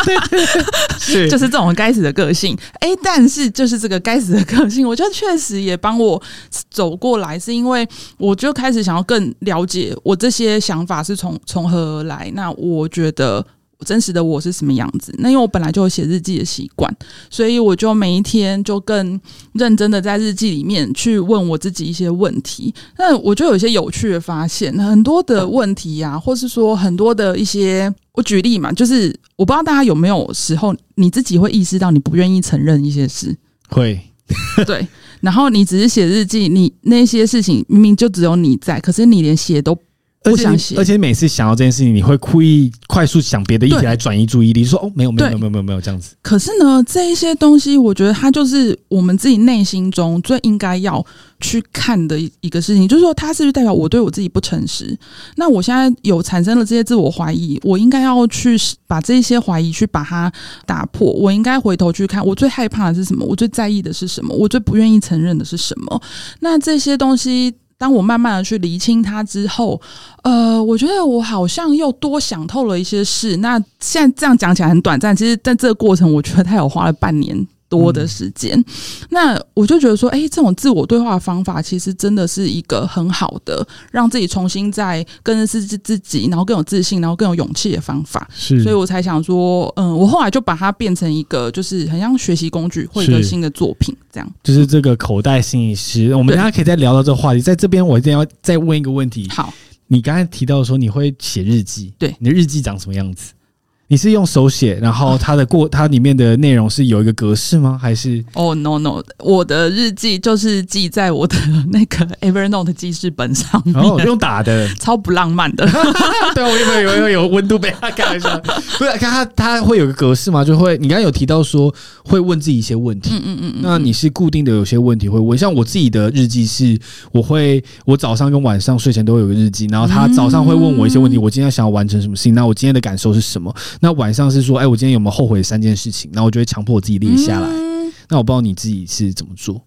就是這種該死的個性。哎、欸，但是就是這個該死的個性，我覺得確實也幫我走過來，是因為我就開始想要更了解我這些想法是從從何而來。那我覺得。真實的我是什麼樣子？那因為我本來就有寫日記的習慣，所以我就每一天就更認真的在日記裡面去問我自己一些問題。那我就有一些有趣的發現，很多的問題呀、啊，或是說很多的一些，我舉例嘛，就是我不知道大家有沒有時候，你自己會意識到你不願意承認一些事，會對。然後你只是寫日記，你那些事情明明就只有你在，可是你連寫都。不想寫，而且每次想到這件事情，你會故意快速想別的議題來轉移注意力，對，說哦，沒有，沒有對，沒有，沒有，沒有，沒有，沒有這樣子。可是呢，這一些東西，我覺得它就是我們自己內心中最應該要去看的一個事情，就是說，它是不是代表我對我自己不誠實？那我現在有產生了這些自我懷疑，我應該要去把這些懷疑去把它打破。我應該回頭去看，我最害怕的是什麼？我最在意的是什麼？我最不願意承認的是什麼？那這些東西。當我慢慢的去釐清它之後，呃，我覺得我好像又多想透了一些事。那現在這樣講起來很短暫，其實在這個過程，我覺得他有花了半年。嗯、多的時間，那我就覺得說，哎、欸，這種自我對話方法，其實真的是一個很好的讓自己重新再更認識自自自己，然後更有自信，然後更有勇氣的方法。是，所以我才想說，嗯，我後來就把它變成一個，就是很像學習工具或者新的作品，是 這樣。就是這個口袋心理師，嗯、我們大家可以再聊到這個話題。在這邊，我一定要再問一個問題。好，對 你剛才提到說你會寫日記，對，你的日記長什麼樣子？你是用手寫，然後它的過它裡面的內容是有一個格式嗎？還是哦、oh,，no no，我的日記就是記在我的那個 Evernote 記事本上。然後、哦、用打的，超不浪漫的。對我以為有有有溫度被他蓋上。不是， 看它它會有個格式嗎？就會你剛剛有提到說，會問自己一些問題。嗯嗯嗯嗯。那你是固定的有些問題會問？像我自己的日記是，我會我早上跟晚上睡前都會有個日記，然後他早上會問我一些問題，嗯、我今天想要完成什麼事情？那我今天的感受是什麼？那晚上是說，哎、欸，我今天有沒有後悔三件事情？那我就會強迫我自己列下來。嗯、那我不知道你自己是怎麼做，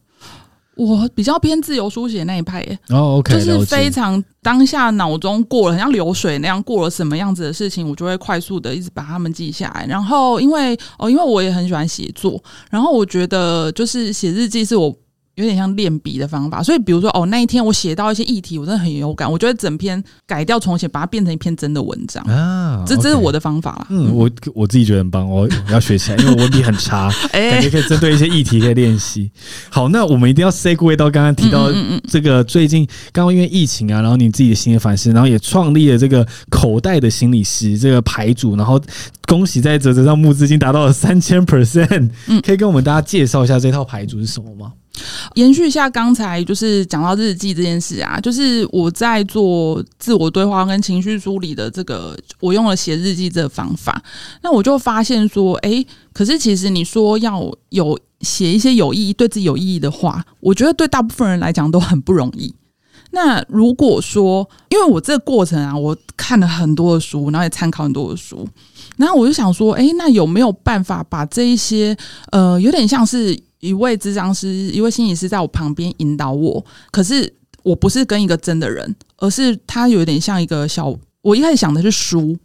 我比較偏自由書寫那一派、欸。哦、oh，OK，就是非常當下腦中過了，很像流水那樣過了什麼樣子的事情，我就會快速的一直把它們記下來。然後因為哦，因為我也很喜歡寫作，然後我覺得就是寫日記是我。有點像練筆的方法，所以比如說哦，那一天我寫到一些議題，我真的很有感，我覺得整篇改掉重寫，把它變成一篇真的文章啊，這這是我的方法啦。嗯，嗯，我我自己覺得很棒， 我要學起來，因為文筆很差，欸、感覺可以針對一些議題可以練習。欸、好，那我們一定要 say g o o d 到剛剛提到這個最近剛剛、嗯嗯嗯、因為疫情啊，然後你自己的心理反思，然後也創立了這個口袋的心理師這個牌組，然後恭喜在嘖嘖上募資已經達到了三千 percent，嗯，可以跟我們大家介紹一下這套牌組是什麼嗎？延續一下剛才就是講到日記這件事啊，就是我在做自我對話跟情緒梳理的這個，我用了寫日記這個方法，那我就發現說，哎，可是其實你說要有寫一些有意義、對自己有意義的話，我覺得對大部分人來講都很不容易。那如果說，因為我這個過程啊，我看了很多的書，然後也參考很多的書，然後我就想說，哎，那有沒有辦法把這一些呃，有點像是。一位諮商師，一位心理師在我旁邊引導我，可是我不是跟一個真的人，而是他有點像一個小。我一開始想的是書，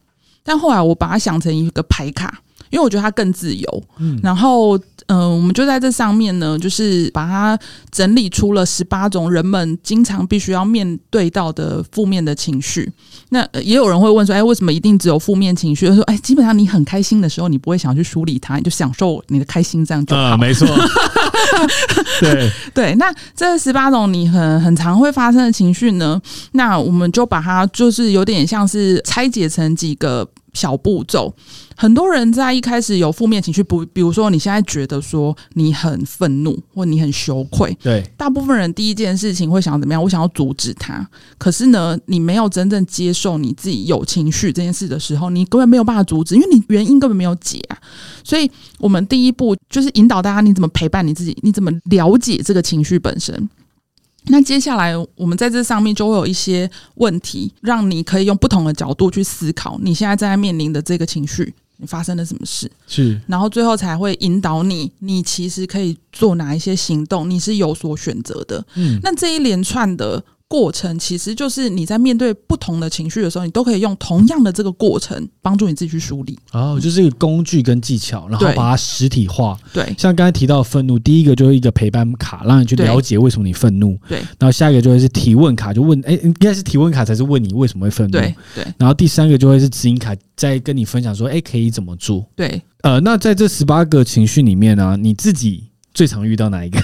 但後來我把它想成一個牌卡，因為我覺得他更自由。嗯，然後。嗯、呃，我們就在這上面呢，就是把它整理出了十八種人們經常必須要面對到的負面的情緒。那、呃、也有人會問說，哎、欸，為什麼一定只有負面情緒？說，哎、欸，基本上你很開心的時候，你不會想去梳理它，你就享受你的開心，這樣就好，啊，沒錯， 對 對。那這十八種你很很常會發生的情緒呢，那我們就把它就是有點像是拆解成幾個小步驟，很多人在一開始有負面情緒，不，比如說你現在覺得說你很憤怒或你很羞愧，對，大部分人第一件事情會想怎麼樣？我想要阻止他，可是呢，你沒有真正接受你自己有情緒這件事的時候，你根本沒有辦法阻止，因為你原因根本沒有解啊。所以，我們第一步就是引導大家，你怎麼陪伴你自己？你怎麼了解這個情緒本身？那接下來我們在這上面就會有一些問題，讓你可以用不同的角度去思考你現在正在面臨的這個情緒，你發生了什麼事。是，然後最後才會引導你，你其實可以做哪一些行動，你是有所選擇的。嗯，那這一連串的。過程其實就是你在面對不同的情緒的時候，你都可以用同樣的這個過程幫助你自己去梳理。哦，就是一個工具跟技巧，然後把它實體化。對，對，像剛才提到的憤怒，第一個就是一個陪伴卡，讓你去了解為什麼你憤怒。對，然後下一個就會是提問卡，就問，誒、欸，應該是提問卡才是問你為什麼會憤怒對。對，然後第三個就會是指引卡，在跟你分享說，誒、欸，可以怎麼做？對，呃，那在這十八個情緒裡面呢、啊，你自己。最常遇到哪一個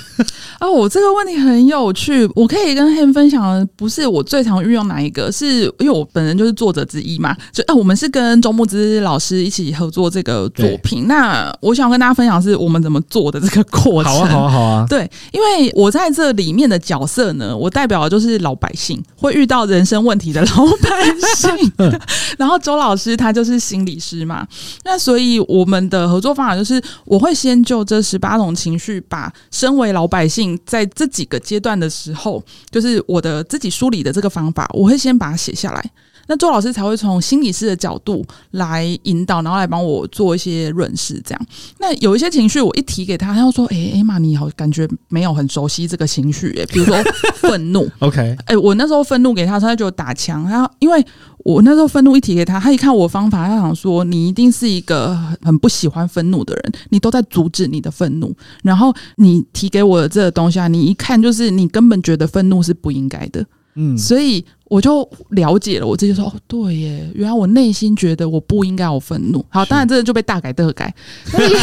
啊、哦？我這個問題很有趣，我可以跟他們分享的不是我最常遇到哪一個，是因為我本人就是作者之一嘛。就哎、哦，我們是跟周慕姿老師一起合作這個作品。對那我想跟大家分享是我們怎麼做的這個過程。好啊，好啊，好啊，好啊。對，因為我在這裡面的角色呢，我代表的就是老百姓，會遇到人生問題的老百姓。 然後周老師他就是心理師嘛。那所以我們的合作方法就是我會先就這十八種情緒。把身為老百姓在這幾個階段的時候，就是我的自己梳理的這個方法，我會先把它寫下來。那周老師才會從心理師的角度來引導，然後來幫我做一些潤飾。這樣，那有一些情緒我一提給他，他就說：“誒 Ama，你好，感覺沒有很熟悉這個情緒。”哎，比如說憤怒 ，OK，欸，我那時候憤怒給他，他就打槍，他因為我那時候憤怒一提給他，他一看我方法，他想說：“你一定是一個很不喜歡憤怒的人，你都在阻止你的憤怒。”然後你提給我的這個東西啊，你一看就是你根本覺得憤怒是不應該的。嗯，所以。我就了解了，我自己說哦，對耶，原來我內心覺得我不應該有憤怒。好，當然這個就被大改特改。也有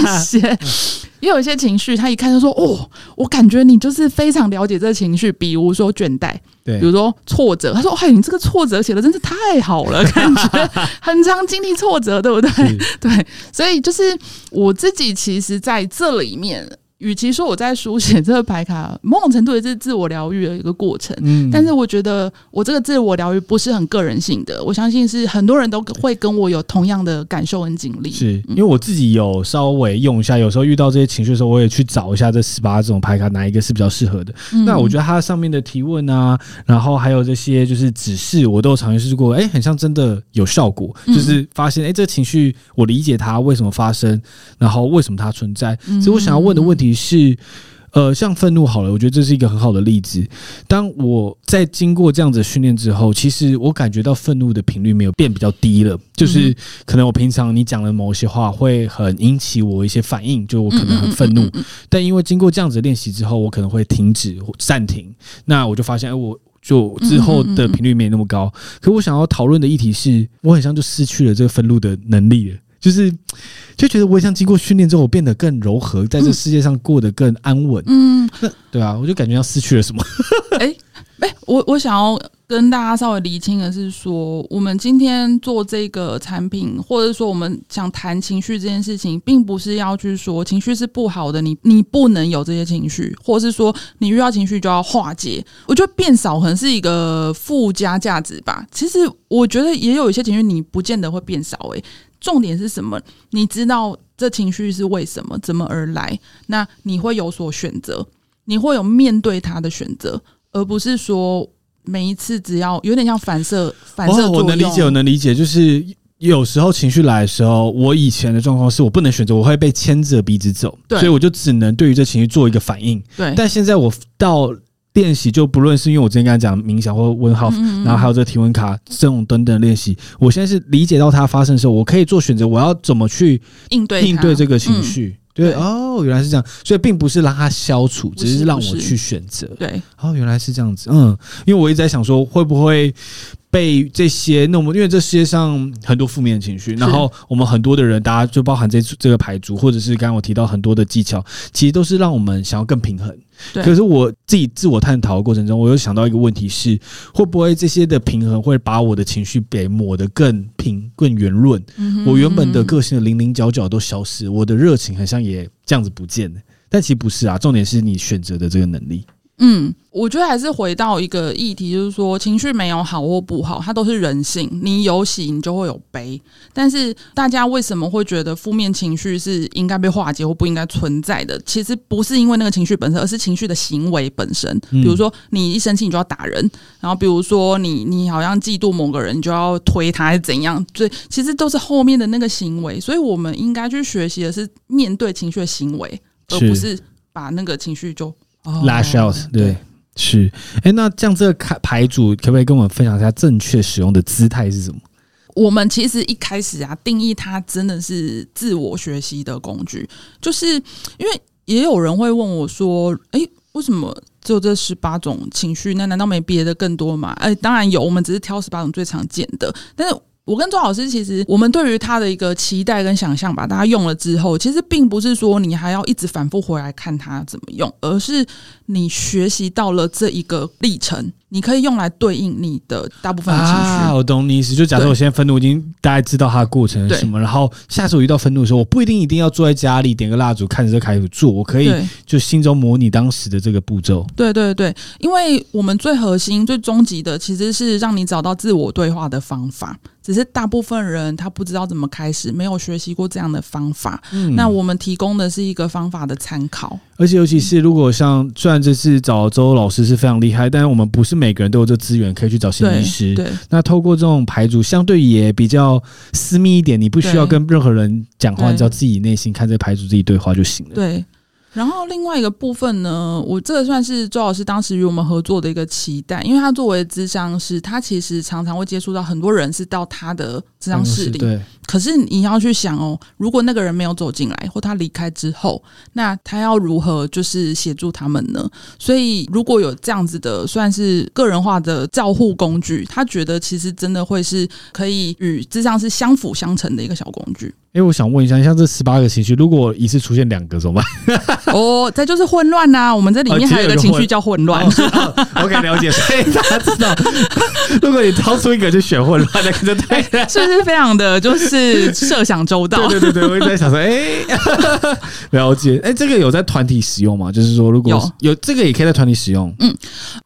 一些， 也有一些情緒，他一看就說哦，我感覺你就是非常了解這個情緒，比如說倦怠，對，比如說挫折。他說，哎，你這個挫折寫的真是太好了，感覺很常經歷挫折，對不對？是對，所以就是我自己，其實在這裡面。與其說我在書寫這個牌卡，某種程度也是自我療癒的一個過程。嗯，但是我覺得我這個自我療癒不是很個人性的，我相信是很多人都會跟我有同樣的感受和經歷。是因為我自己有稍微用一下，有時候遇到這些情緒的時候，我也去找一下這十八種牌卡哪一個是比較適合的。嗯、那我覺得它上面的提問啊，然後還有這些就是指示，我都嘗試過，哎、欸，很像真的有效果。就是發現，哎、欸，這個情緒我理解它為什麼發生，然後為什麼它存在，所以我想要問的問題。嗯於是，呃，像憤怒好了，我覺得這是一個很好的例子。當我在經過這樣子訓練之後，其實我感覺到憤怒的頻率沒有變比較低了。嗯、哼就是可能我平常你講的某些話，會很引起我一些反應，就我可能很憤怒。嗯嗯嗯嗯嗯，但因為經過這樣子練習之後，我可能會停止暫停，那我就發現，哎、欸，我就之後的頻率沒那麼高。嗯嗯嗯嗯，可我想要討論的議題是，我很像就失去了這個憤怒的能力了。就是就覺得我也像經過訓練之後，我變得更柔和，在這世界上過得更安穩。嗯，對啊，我就感覺要失去了什麼、欸。哎、欸、我我想要跟大家稍微釐清的是說，說我們今天做這個產品，或者說我們想談情緒這件事情，並不是要去說情緒是不好的，你你不能有這些情緒，或者是說你遇到情緒就要化解。我覺得變少可能是一個附加價值吧。其實我覺得也有一些情緒你不見得會變少，欸。哎。重點是什麼？你知道這情緒是為什麼，怎麼而來？那你會有所選擇，你會有面對它的選擇，而不是說每一次只要有點像反射、反射。我能理解，我能理解，就是有時候情緒來的時候，我以前的狀況是我不能選擇，我會被牽着鼻子走，對所以我就只能對於這情緒做一個反應。對，但現在我到。練習就不論是因為我之前跟他講冥想或溫號，然後還有這個提問卡、這種等等練習，我現在是理解到它發生的時候，我可以做選擇，我要怎麼去應對應對這個情緒？嗯、對，對，對哦，原來是這樣，所以並不是讓它消除，不是不是，只是讓我去選擇。對，哦，原來是這樣子，嗯，因為我一直在想說會不會。被這些，那我們因為這世界上很多負面的情緒，是然後我們很多的人，大家就包含這這個牌組，或者是剛剛我提到很多的技巧，其實都是讓我們想要更平衡。對可是我自己自我探討的過程中，我又想到一個問題是：會不會這些的平衡會把我的情緒給抹得更平、更圓潤？嗯哼嗯哼，我原本的個性的稜稜角角，都消失，我的熱情好像也這樣子不見了。但其實不是啊，重點是你選擇的這個能力。嗯，我覺得還是回到一個議題，就是說情緒沒有好或不好，它都是人性。你有喜，你就會有悲。但是大家為什麼會覺得負面情緒是應該被化解或不應該存在的？其實不是因為那個情緒本身，而是情緒的行為本身。嗯、比如說，你一生氣你就要打人，然後比如說你你好像嫉妒某個人，你就要推他，是怎樣？所以其實都是後面的那個行為。所以我們應該去學習的是面對情緒的行為，而不是把那個情緒就。Lash out，oh, okay. 對，是。哎，那這樣這個卡牌組，可不可以跟我們分享一下正確使用的姿態是什麼？我們其實一開始啊，定義它真的是自我學習的工具，就是因為也有人會問我說：“哎，為什麼就這十八種情緒？那難道沒別的更多嗎？”哎，當然有，我們只是挑十八種最常見的，但是。我跟周老師，其實我們對於他的一個期待跟想象吧，大家用了之後，其實並不是說你還要一直反覆回來看他怎麼用，而是你學習到了這一個歷程。你可以用來對應你的大部分的情緒。啊，我懂你意思。就假設我現在憤怒，已經大概知道它的過程是什麼。對然後下次我遇到憤怒的時候，我不一定一定要坐在家裡點個蠟燭，看着就開始做。我可以就心中模擬當時的這個步驟。對，對對對，因為我們最核心、最終極的其實是讓你找到自我對話的方法。只是大部分人他不知道怎麼開始，沒有學習過這樣的方法。嗯，那我們提供的是一個方法的參考。而且尤其是如果像，雖然這次找周老師是非常厲害，但是我們不是。每個人都有這資源，可以去找心理師。對，對那透過這種牌組，相對也比較私密一點，你不需要跟任何人講話，對你只要自己內心看這牌組，自己對話就行了。對，然後另外一個部分呢，我這個算是周老師當時與我們合作的一個期待，因為他作為諮商師，他其實常常會接觸到很多人，是到他的。張勢力，嗯、是對，可是你要去想哦，如果那個人沒有走進來，或他離開之後，那他要如何就是協助他們呢？所以如果有這樣子的算是個人化的照護工具，他覺得其實真的會是可以與智商，是相輔相成的一個小工具。哎、欸，我想問一下，像這十八個情緒，如果一次出現兩個怎麼辦？哦，這就是混亂吶、啊！我們這裡面還、哦、有一個情緒叫混亂，我、哦哦、k、okay, 了解，所以他知道，如果你掏出一個就選混亂那個就對了。是是。是非常的就是設想周到， 對，對對對，我一直在想說，哎、欸， 了解，哎、欸，這個有在團體使用嗎？就是說，如果有，有這個也可以在團體使用。嗯，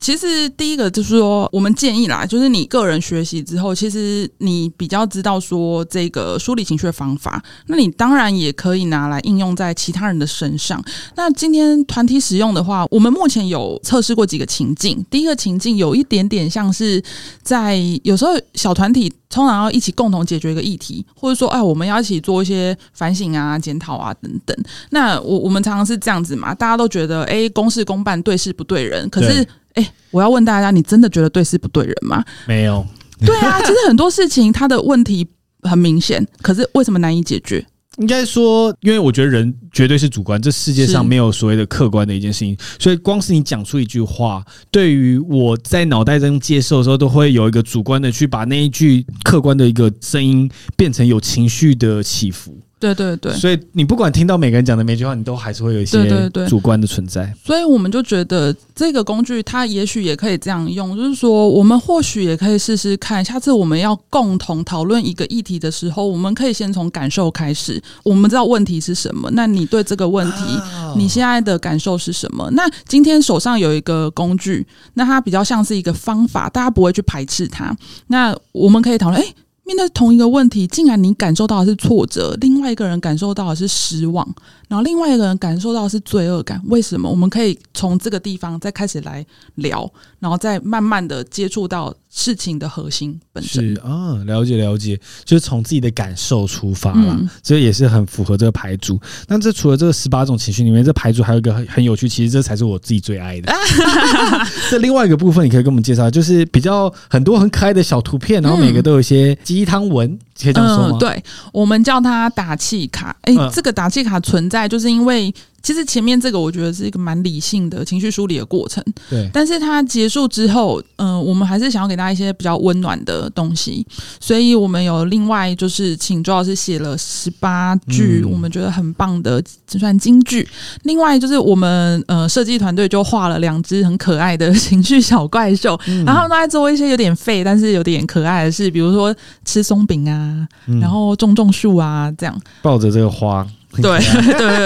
其實第一個就是說，我們建議啦，就是你個人學習之後，其實你比較知道說這個梳理情緒的方法，那你當然也可以拿來應用在其他人的身上。那今天團體使用的話，我們目前有測試過幾個情境，第一個情境有一點點像是在有時候小團體通常要一起共。同解決一個議題，或者說，哎，我們要一起做一些反省啊、檢討啊等等。那我我們常常是這樣子嘛，大家都覺得，哎、欸，公事公辦，對事不對人。可是，哎對、欸，我要問大家，你真的覺得對事不對人嗎？沒有。 對啊，其實很多事情，它的問題很明顯，可是為什麼難以解決？應該說，因為我覺得人絕對是主觀，這世界上沒有所謂的客觀的一件事情，是所以光是你講出一句話，對於我在腦袋中接受的時候，都會有一個主觀的去把那一句客觀的一個聲音變成有情緒的起伏。對對對，所以你不管聽到每個人講的每句話，你都還是會有一些主觀的存在。對對對，所以我們就覺得這個工具，它也許也可以這樣用，就是說，我們或許也可以試試看，下次我們要共同討論一個議題的時候，我們可以先從感受開始。我們知道問題是什麼，那你對這個問題，你現在的感受是什麼？那今天手上有一個工具，那它比較像是一個方法，大家不會去排斥它。那我們可以討論，誒、欸。因為那同一個問題，竟然，你感受到的是挫折，另外一個人感受到的是失望。然後另外一個人感受到的是罪惡感，為什麼？我們可以從這個地方再開始來聊，然後再慢慢的接觸到事情的核心本身。是啊，了解了解，就是從自己的感受出發了，這、嗯、也是很符合這個牌組。那這除了這十八種情緒裡面，這牌組還有一個很很有趣，其實這才是我自己最愛的。啊、 這另外一個部分，你可以跟我們介紹，就是比較很多很可愛的小圖片，然後每個都有一些雞湯文，嗯、可以這樣說嗎、嗯？對，我們叫它打氣卡。哎、欸，嗯、這個打氣卡存在。就是因為其實前面這個我覺得是一個蠻理性的情緒梳理的過程，對。但是它結束之後，嗯、呃，我們還是想要給大家一些比較溫暖的東西，所以我們有另外就是請周老師寫了十八句我們覺得很棒的，就算金句。另外就是我們呃設計團隊就畫了兩隻很可愛的情緒小怪獸，嗯、然後呢做一些有點廢但是有點可愛的事，是比如說吃鬆餅啊，然後種種樹啊、嗯、這樣，抱着這個花。嗯對對對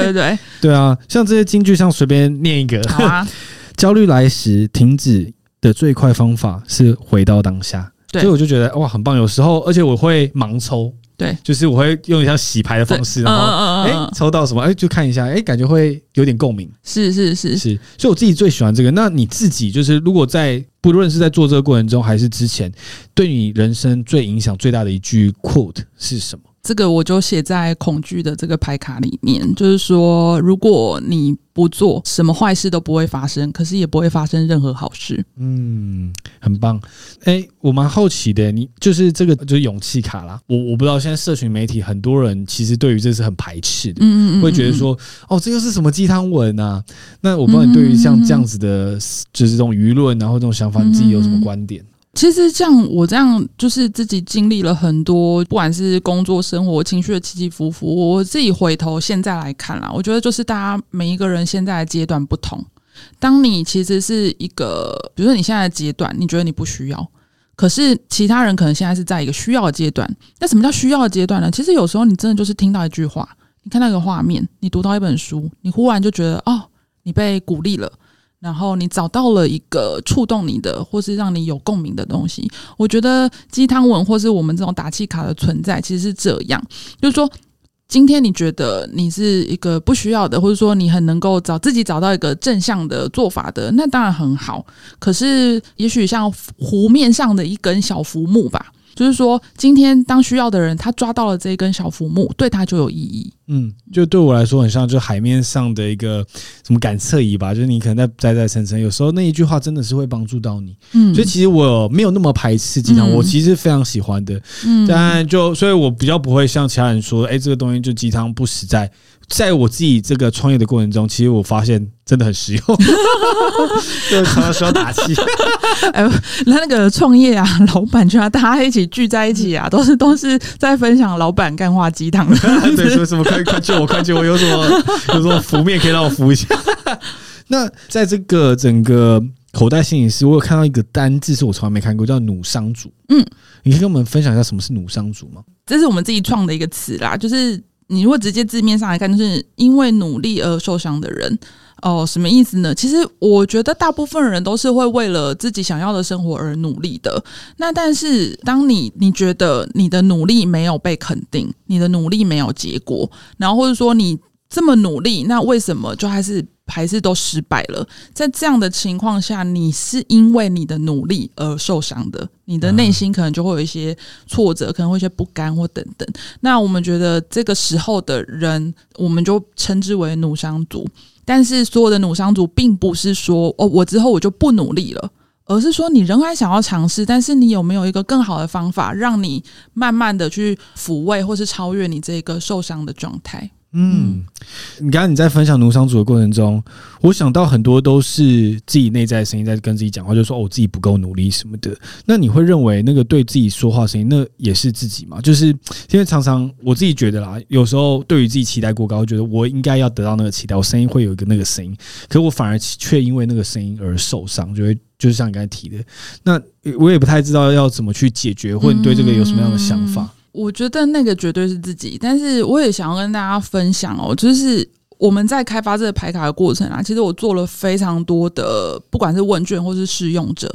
對對 對啊！像這些金句，像隨便念一個，哈、啊、 焦慮來時，停止的最快方法是回到當下。所以對我就覺得哇，很棒。有時候，而且我會盲抽，對，就是我會用一下洗牌的方式，對然後哎、呃呃呃呃欸，抽到什麼，哎、欸，就看一下，哎、欸，感覺會有點共鳴。是是是是。所以我自己最喜歡這個。那你自己就是，如果在不論是在做這個過程中，還是之前，對你人生最影響最大的一句 quote 是什麼？這個我就寫在恐懼的這個牌卡裡面，就是說，如果你不做什麼壞事都不會發生，可是也不會發生任何好事。嗯，很棒。哎、欸，我蠻好奇的，你就是這個就是勇氣卡啦。我我不知道現在社群媒體很多人其實對於這是很排斥的，嗯嗯，嗯，嗯，會覺得說，哦，這又是什麼雞湯文啊？那我不知道你對於像這樣子的，嗯嗯嗯，就是這種輿論，然後這種想法，你自己有什麼觀點？嗯嗯其實像我這樣，就是自己經歷了很多，不管是工作、生活、情緒的起起伏伏。我自己回頭現在來看啦，我覺得就是大家每一個人現在的階段不同。當你其實是一個，比如說你現在的階段，你覺得你不需要，可是其他人可能現在是在一個需要的階段。那什麼叫需要的階段呢？其實有時候你真的就是聽到一句話，你看到一個畫面，你讀到一本書，你忽然就覺得哦，你被鼓勵了。然後你找到了一個觸動你的，或是讓你有共鳴的東西。我覺得雞湯文或是我們這種打氣卡的存在，其實是這樣，就是說，今天你覺得你是一個不需要的，或者說你很能夠找自己找到一個正向的做法的，那當然很好。可是也許像湖面上的一根小浮木吧。就是說，今天當需要的人他抓到了這一根小浮木，對，他就有意義。嗯，就對我來說，很像就海面上的一個什麼感測儀吧。就是你可能在在在沉沉，有時候那一句話真的是會幫助到你。嗯，所以其實我沒有那麼排斥雞湯，嗯、我其實非常喜歡的。嗯，但就所以，我比較不會像其他人說，哎、欸，這個東西就雞湯不實在。在我自己這個創業的過程中，其實我發現真的很實用 對。就是常常需要打氣。哎，那那個創業啊，老板圈啊，大家一起聚在一起啊，都是都是在分享老板幹話雞湯。對，什麼什麼可快,快救我，快救我，有什麼有什麼浮面可以讓我浮一下？ 那在這個整個口袋心理師，我有看到一個單字是我從來沒看過，叫“努商主”。嗯，你可以跟我們分享一下什麼是努商主嗎？這是我們自己創的一個詞啦，就是。你如果直接字面上來看，就是因為努力而受傷的人，哦、呃，什麼意思呢？其實我覺得大部分人都是會為了自己想要的生活而努力的。那但是，當你你覺得你的努力沒有被肯定，你的努力沒有結果，然後或者說你。這麼努力，那為什麼就還是還是都失敗了？在這樣的情況下，你是因為你的努力而受傷的，你的內心可能就會有一些挫折，可能會有一些不甘或等等。那我們覺得這個時候的人，我們就稱之為“努傷族”。但是所有的努傷族，並不是說哦，我之後我就不努力了，而是說你仍然想要嘗試，但是你有沒有一個更好的方法，讓你慢慢的去撫慰，或是超越你這個受傷的狀態？嗯，你剛剛你在分享奴商主的過程中，我想到很多都是自己內在的聲音在跟自己講話，就是、說哦，我自己不夠努力什麼的。那你會認為那個對自己說話聲音，那也是自己嘛？就是因為常常我自己覺得啦，有時候對於自己期待過高，覺得我應該要得到那個期待，我聲音會有一個那個聲音，可是我反而卻因為那個聲音而受傷，就會就是像你剛才提的，那我也不太知道要怎麼去解決，或者你對這個有什麼樣的想法。嗯我覺得那個絕對是自己，但是我也想要跟大家分享哦，就是我們在開發這個牌卡的過程啊，其實我做了非常多的，不管是問卷或是試用者，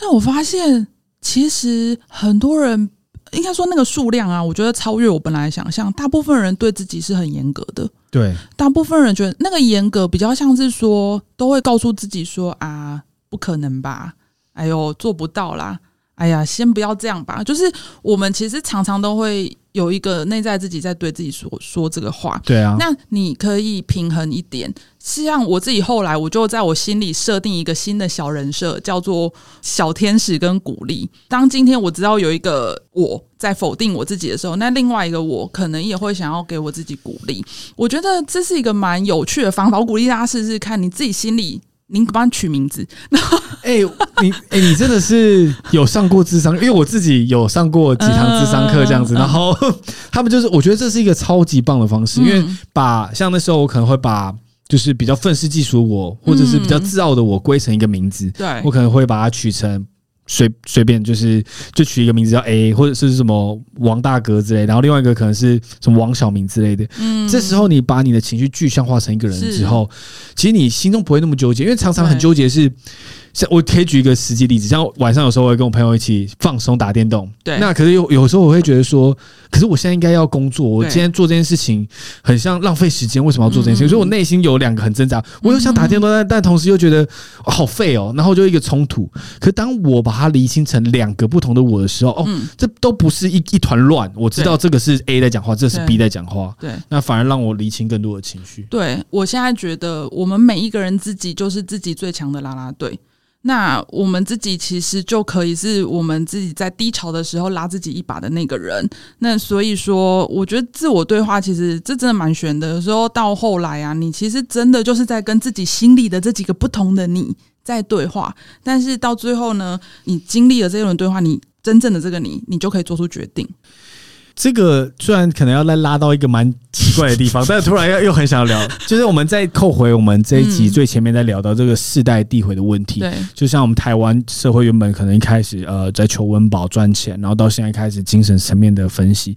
但我發現其實很多人，應該說那個數量啊，我覺得超越我本來想象，大部分人對自己是很嚴格的，對，大部分人覺得那個嚴格比較像是說都會告訴自己說啊，不可能吧，哎呦，做不到啦。哎呀，先不要這樣吧。就是我們其實常常都會有一個內在自己在對自己說說這個話。對啊，那你可以平衡一點。像是我自己後來我就在我心裡設定一個新的小人設，叫做小天使跟鼓勵。當今天我知道有一個我在否定我自己的時候，那另外一個我可能也會想要給我自己鼓勵。我覺得這是一個蠻有趣的方法，我鼓勵大家試試看，你自己心裡。您幫取名字，然後哎、欸，你哎、欸，你真的是有上過諮商？ 因為我自己有上過幾堂諮商課這樣子，嗯、然後他們就是，我覺得這是一個超級棒的方式，嗯、因為把像那時候我可能會把就是比較憤世嫉俗我、嗯、或者是比較自傲的我歸成一個名字，對我可能會把它取成。隨隨便就是就取一個名字叫 A，或者是什麼王大哥之類，然後另外一個可能是什麼王小明之類的。嗯，這時候你把你的情緒具象化成一個人之後，是其實你心中不會那麼糾結，因為常常很糾結是。像我可以舉一個實際例子，像晚上有時候我會跟我朋友一起放鬆打電動，對。那可是有有時候我會覺得說，可是我現在應該要工作，對我今天做這件事情很像浪費時間，為什麼要做這件事情？嗯、所以我內心有兩個很掙扎，嗯、我又想打電動，但但同時又覺得、哦、好廢哦，然後就一個衝突。可當我把它釐清成兩個不同的我的時候，哦，嗯、這都不是一一團亂，我知道這個是 A 在講話，這是 B 在講話，對。那反而讓我釐清更多的情緒。對，我現在覺得，我們每一個人自己就是自己最強的啦啦隊。那我們自己其實就可以是我們自己在低潮的時候拉自己一把的那個人。那所以說，我覺得自我對話其實這真的蠻玄的。有時候到後來啊，你其實真的就是在跟自己心裡的這幾個不同的你在對話。但是到最後呢，你經歷了這一輪對話，你真正的這個你，你就可以做出決定。這個雖然可能要再拉到一個蠻奇怪的地方，但是突然又又很想要聊， 就是我們再扣回我們這一集最前面在聊到這個世代遞回的問題。嗯、就像我們台灣社會原本可能一開始呃在求溫飽賺錢，然後到現在開始精神層面的分析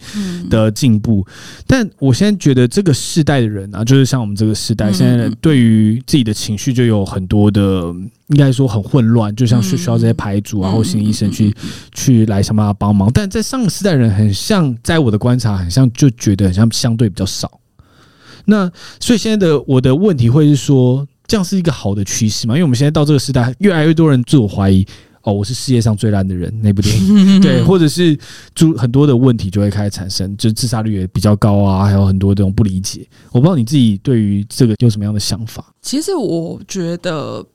的進步，嗯、但我現在覺得這個世代的人啊，就是像我們這個世代，嗯、現在對於自己的情緒就有很多的。應該說很混亂，就像需需要這些排主，嗯、然後心理醫生去、嗯嗯、去來想辦法幫忙。但在上個世代，人很像，在我的觀察，很像就覺得很像相對比較少。那所以現在的我的問題會是說，這樣是一個好的趨勢嗎？因為我們現在到這個時代，越來越多人自我懷疑哦，我是世界上最爛的人那部電影， 對，或者是就很多的問題就會開始產生，就自殺率也比較高啊，還有很多這種不理解。我不知道你自己對於這個有什麼樣的想法？其實我覺得。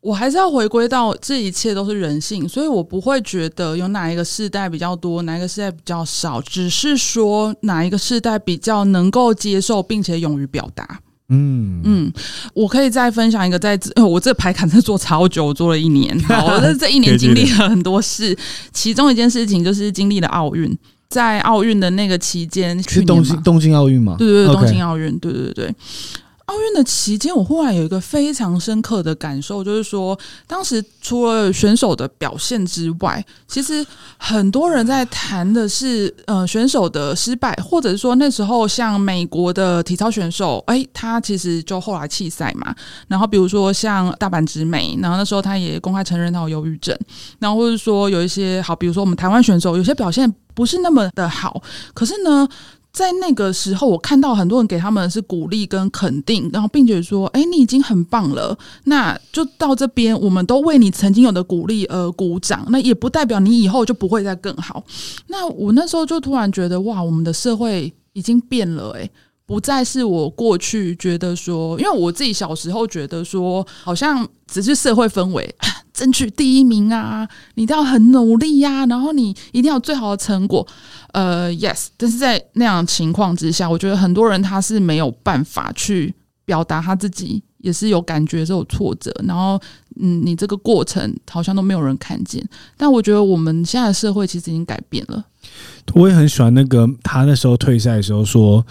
我還是要回歸到這一切都是人性，所以我不會覺得有哪一個世代比較多，哪一個世代比較少，只是說哪一個世代比較能夠接受並且勇於表達。嗯嗯，我可以再分享一個，在、呃、我這排卡在做超久，我做了一年，我的這一年經歷了很多事， 對對對，其中一件事情就是經歷了奧運。在奧運的那個期間，東去東京東京奧運嘛，對對對，Okay. 東京奧運，對對對，對。奧運的期間，我忽然有一個非常深刻的感受，就是說，當時除了選手的表現之外，其實很多人在談的是，呃，選手的失敗，或者是說，那時候像美國的體操選手，欸，他其實就後來棄賽嘛。然後比如說像大阪直美，然後那時候他也公開承認他有憂鬱症。然後或者說有一些好，比如說我們台灣選手，有些表現不是那麼的好，可是呢。在那個時候，我看到很多人給他們是鼓勵跟肯定，然後並且說：“誒，你已經很棒了。”那就到這邊，我們都為你曾經有的鼓勵而鼓掌。那也不代表你以後就不會再更好。那我那時候就突然覺得，哇，我們的社會已經變了誒。不再是我過去覺得說，因為我自己小時候覺得說，好像只是社會氛圍、啊，爭取第一名啊，你一定要很努力呀、啊，然後你一定要最好的成果。呃，yes，但是在那樣情況之下，我覺得很多人他是沒有辦法去表達他自己，也是有感覺，是有挫折，然後嗯，你這個過程好像都沒有人看見。但我覺得我們現在的社會其實已經改變了。我也很喜歡那個他那時候退賽的時候說。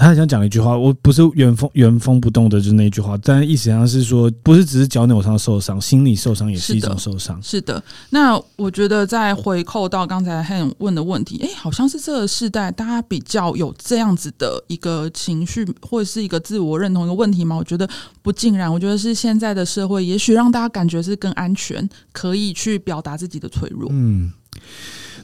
他很想講一句話，我不是原封原封不動的，就是那句話，但意思上是說，不是只是腳扭傷受傷，心理受傷也是一種受傷。是的，那我覺得再回扣到剛才漢問的問題，哎、欸，好像是這個時代大家比較有這樣子的一個情緒，或者是一個自我認同的問題嗎？我覺得不盡然，我覺得是現在的社會也許讓大家感覺是更安全，可以去表達自己的脆弱。嗯。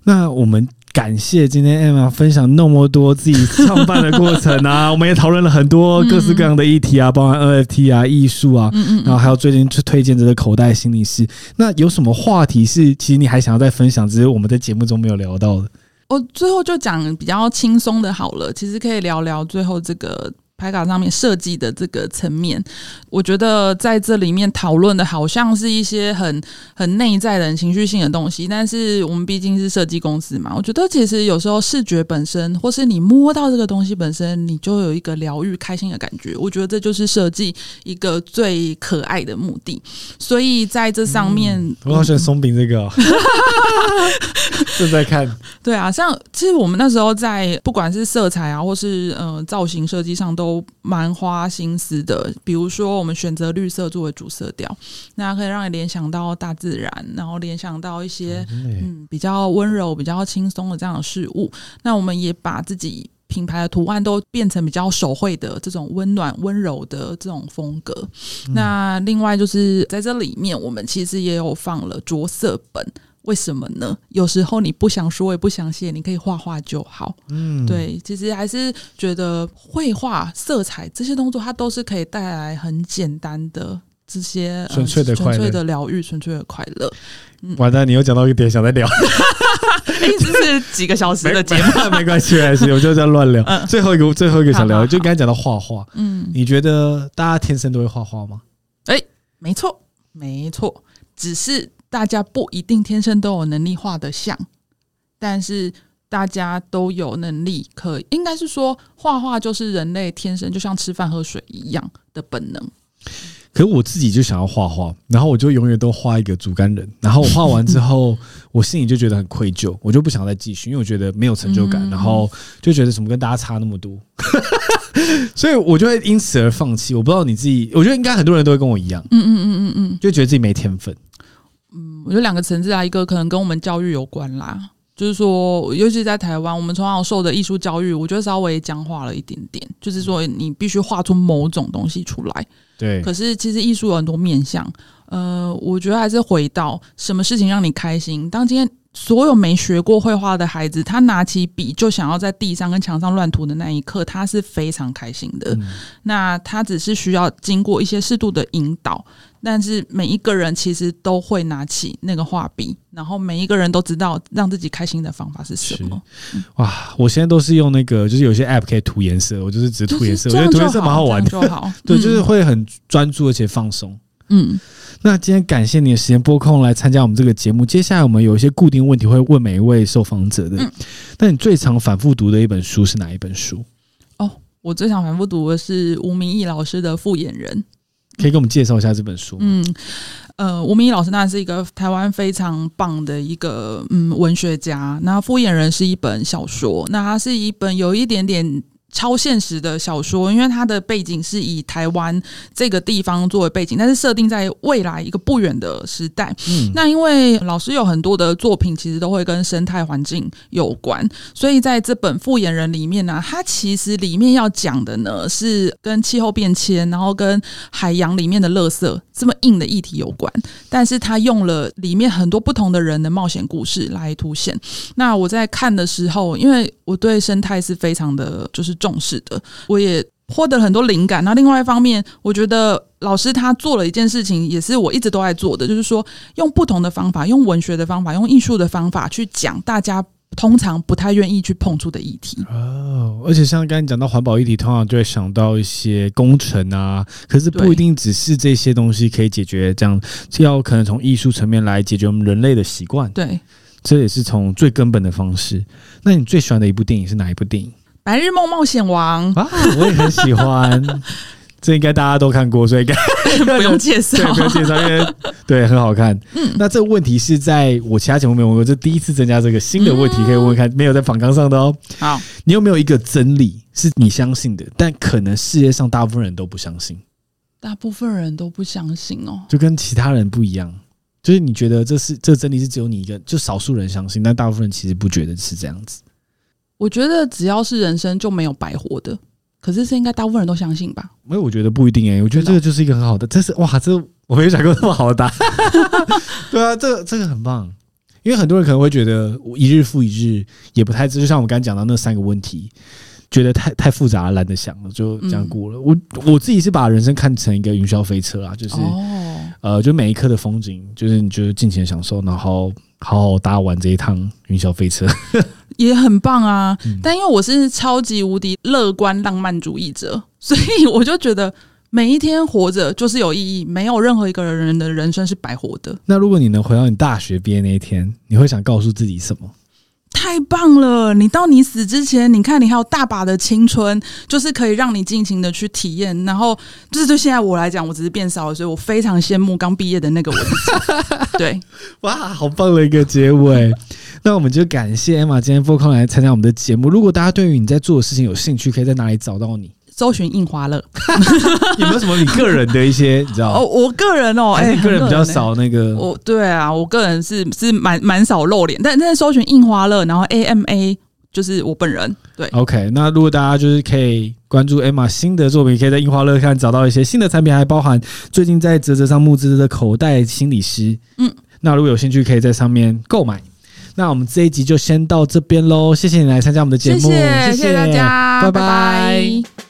那我們感謝今天 Ama 分享那麼多自己創辦的過程啊， 我們也討論了很多各式各樣的議題啊，嗯、包含 NFT 啊、藝術啊，嗯、然後還有最近去推薦這個口袋心理師。那有什麼話題是其實你還想要再分享，只是我們在節目中沒有聊到的？我最後就講比較輕鬆的好了，其實可以聊聊最後這個。牌卡上面設計的這個層面，我覺得在這裡面討論的，好像是一些很很內在的情緒性的東西。但是我們畢竟是設計公司嘛，我覺得其實有時候視覺本身，或是你摸到這個東西本身，你就有一個療癒、開心的感覺。我覺得這就是設計一個最可愛的目的。所以在這上面，嗯、我好喜歡鬆餅這個、哦。 正在看。對啊，像其實我們那時候在不管是色彩啊，或是呃造型設計上，都蠻花心思的。比如說，我們選擇綠色作為主色調，那可以讓你聯想到大自然，然後聯想到一些嗯比較溫柔、比較輕鬆的這樣的事物。那我們也把自己品牌的圖案都變成比較手繪的這種溫暖、溫柔的這種風格。嗯、那另外就是在這裡面，我們其實也有放了着色本。為什麼呢？有時候你不想說，也不想寫，你可以畫畫就好。嗯，對，其實還是覺得繪畫、色彩這些動作它都是可以帶來很簡單的這些純粹的、純粹的療癒、純粹的快樂。快樂嗯、完了，你又講到一個點，想再聊。一直、嗯 欸、是幾個小時的節目沒沒，沒關係，沒關係，我就這樣亂聊。嗯、最後一個，最後一個想聊，就剛才講到畫畫。嗯，畫畫嗯你覺得大家天生都會畫畫嗎？哎、欸，沒錯，沒錯，只是。大家不一定天生都有能力畫得像，但是大家都有能力可以應該是說，畫畫就是人類天生就像吃飯喝水一樣的本能。可是我自己就想要畫畫，然後我就永遠都畫一個竹竿人，然後我畫完之後， 我心裡就覺得很愧疚，我就不想再繼續，因為我覺得沒有成就感，嗯嗯然後就覺得怎麼跟大家差那麼多， 所以我就會因此而放棄。我不知道你自己，我覺得應該很多人都會跟我一樣，嗯嗯嗯嗯嗯，就覺得自己沒天分。我覺得兩個層次啊，一個可能跟我們教育有關啦，就是說，尤其在台灣，我們從小受的藝術教育，我覺得稍微僵化了一點點，就是說，你必須畫出某種東西出來。對。可是其實藝術有很多面向，呃，我覺得還是回到什麼事情讓你開心？當今天。所有沒學過繪畫的孩子，他拿起筆就想要在地上跟牆上亂塗的那一刻，他是非常開心的。嗯、那他只是需要經過一些適度的引導，但是每一個人其實都會拿起那個畫筆，然後每一個人都知道讓自己開心的方法是什麼。哇，我現在都是用那個，就是有些 App 可以塗顏色，我就是只塗顏色，我覺得塗顏色蠻好玩的。就好嗯、 對，就是會很專注而且放鬆。嗯。那今天感謝你的時間撥空來參加我們這個節目。接下來我們有一些固定問題會問每一位受訪者的。嗯、那你最常反覆讀的一本書是哪一本書？哦，我最常反覆讀的是吳明益老師的《複眼人》，可以給我們介紹一下這本書？嗯，呃，吳明益老師那是一個台灣非常棒的一個嗯文學家。那《複眼人》是一本小說，那它是一本有一點點。超現實的小說，因為它的背景是以台灣這個地方作為背景，但是設定在未來一個不遠的時代。嗯、那因為老師有很多的作品，其實都會跟生態環境有關，所以在這本《複眼人》裡面呢、啊，它其實裡面要講的呢是跟氣候變遷，然後跟海洋裡面的垃圾這麼硬的議題有關。但是它用了裡面很多不同的人的冒險故事來凸顯。那我在看的時候，因為我對生態是非常的，就是。重視的，我也獲得了很多靈感。那另外一方面，我覺得老師他做了一件事情，也是我一直都愛做的，就是說用不同的方法，用文學的方法，用藝術的方法去講大家通常不太願意去碰觸的議題。哦，而且像剛剛講到環保議題，通常就會想到一些工程啊，可是不一定只是這些東西可以解決。這樣就要可能從藝術層面來解決我們人類的習慣。對，這也是從最根本的方式。那你最喜歡的一部電影是哪一部電影？白日夢冒險王啊，我也很喜歡。 這應該大家都看過，所以應該不用介紹。對，不用介紹，因為對，很好看。嗯，那這問題是在我其他節目沒有問過，就第一次增加這個新的問題可以問問看，嗯、沒有在訪綱上的哦。好，你有沒有一個真理是你相信的，但可能世界上大部分人都不相信？大部分人都不相信哦，就跟其他人不一樣。就是你覺得這是這個、真理是只有你一個，就少數人相信，但大部分人其實不覺得是這樣子。我覺得只要是人生就沒有白活的，可是是應該大部分人都相信吧？沒有，我覺得不一定哎、欸。我覺得這個就是一個很好的，這是哇，這我沒有想過那麼好的答案。 對啊，這這個很棒，因為很多人可能會覺得一日復一日也不太知，就像我剛才講到那三個問題，覺得太太複雜了，懶得想了，就這樣過了。嗯、我我自己是把人生看成一個雲霄飛車啊，就是、哦、呃，就每一刻的風景，就是你就盡情享受，然後好好，好，好搭完這一趟雲霄飛車。也很棒啊，嗯、但因為我是超級無敵樂觀浪漫主義者，所以我就覺得每一天活着就是有意義，沒有任何一個人人的人生是白活的。那如果你能回到你大學畢業那一天，你會想告訴自己什麼？太棒了！你到你死之前，你看你還有大把的青春，就是可以讓你盡情的去體驗。然後，就是對現在我來講，我只是變少了，所以我非常羨慕剛畢業的那個我。 對，哇，好棒的一個結尾。 那我們就感謝 Ama 今天撥空來，來參加我們的節目。如果大家對於你在做的事情有興趣，可以在哪裡找到你？搜尋印花樂，有 沒有什麼你個人的一些你知道嗎？哦，我個人哦，哎、欸，個人比較少那個。我對啊，我個人是是蠻蠻少露臉，但但是搜尋印花樂，然後 A M A 就是我本人。對，OK，那如果大家就是可以關注 Ama 新的作品，可以在印花樂看找到一些新的產品，還包含最近在嘖嘖上募資的口袋心理師。嗯，那如果有興趣，可以在上面購買。那我們這一集就先到這邊嘍，謝謝你來參加我們的節目，謝謝，拜拜。拜拜。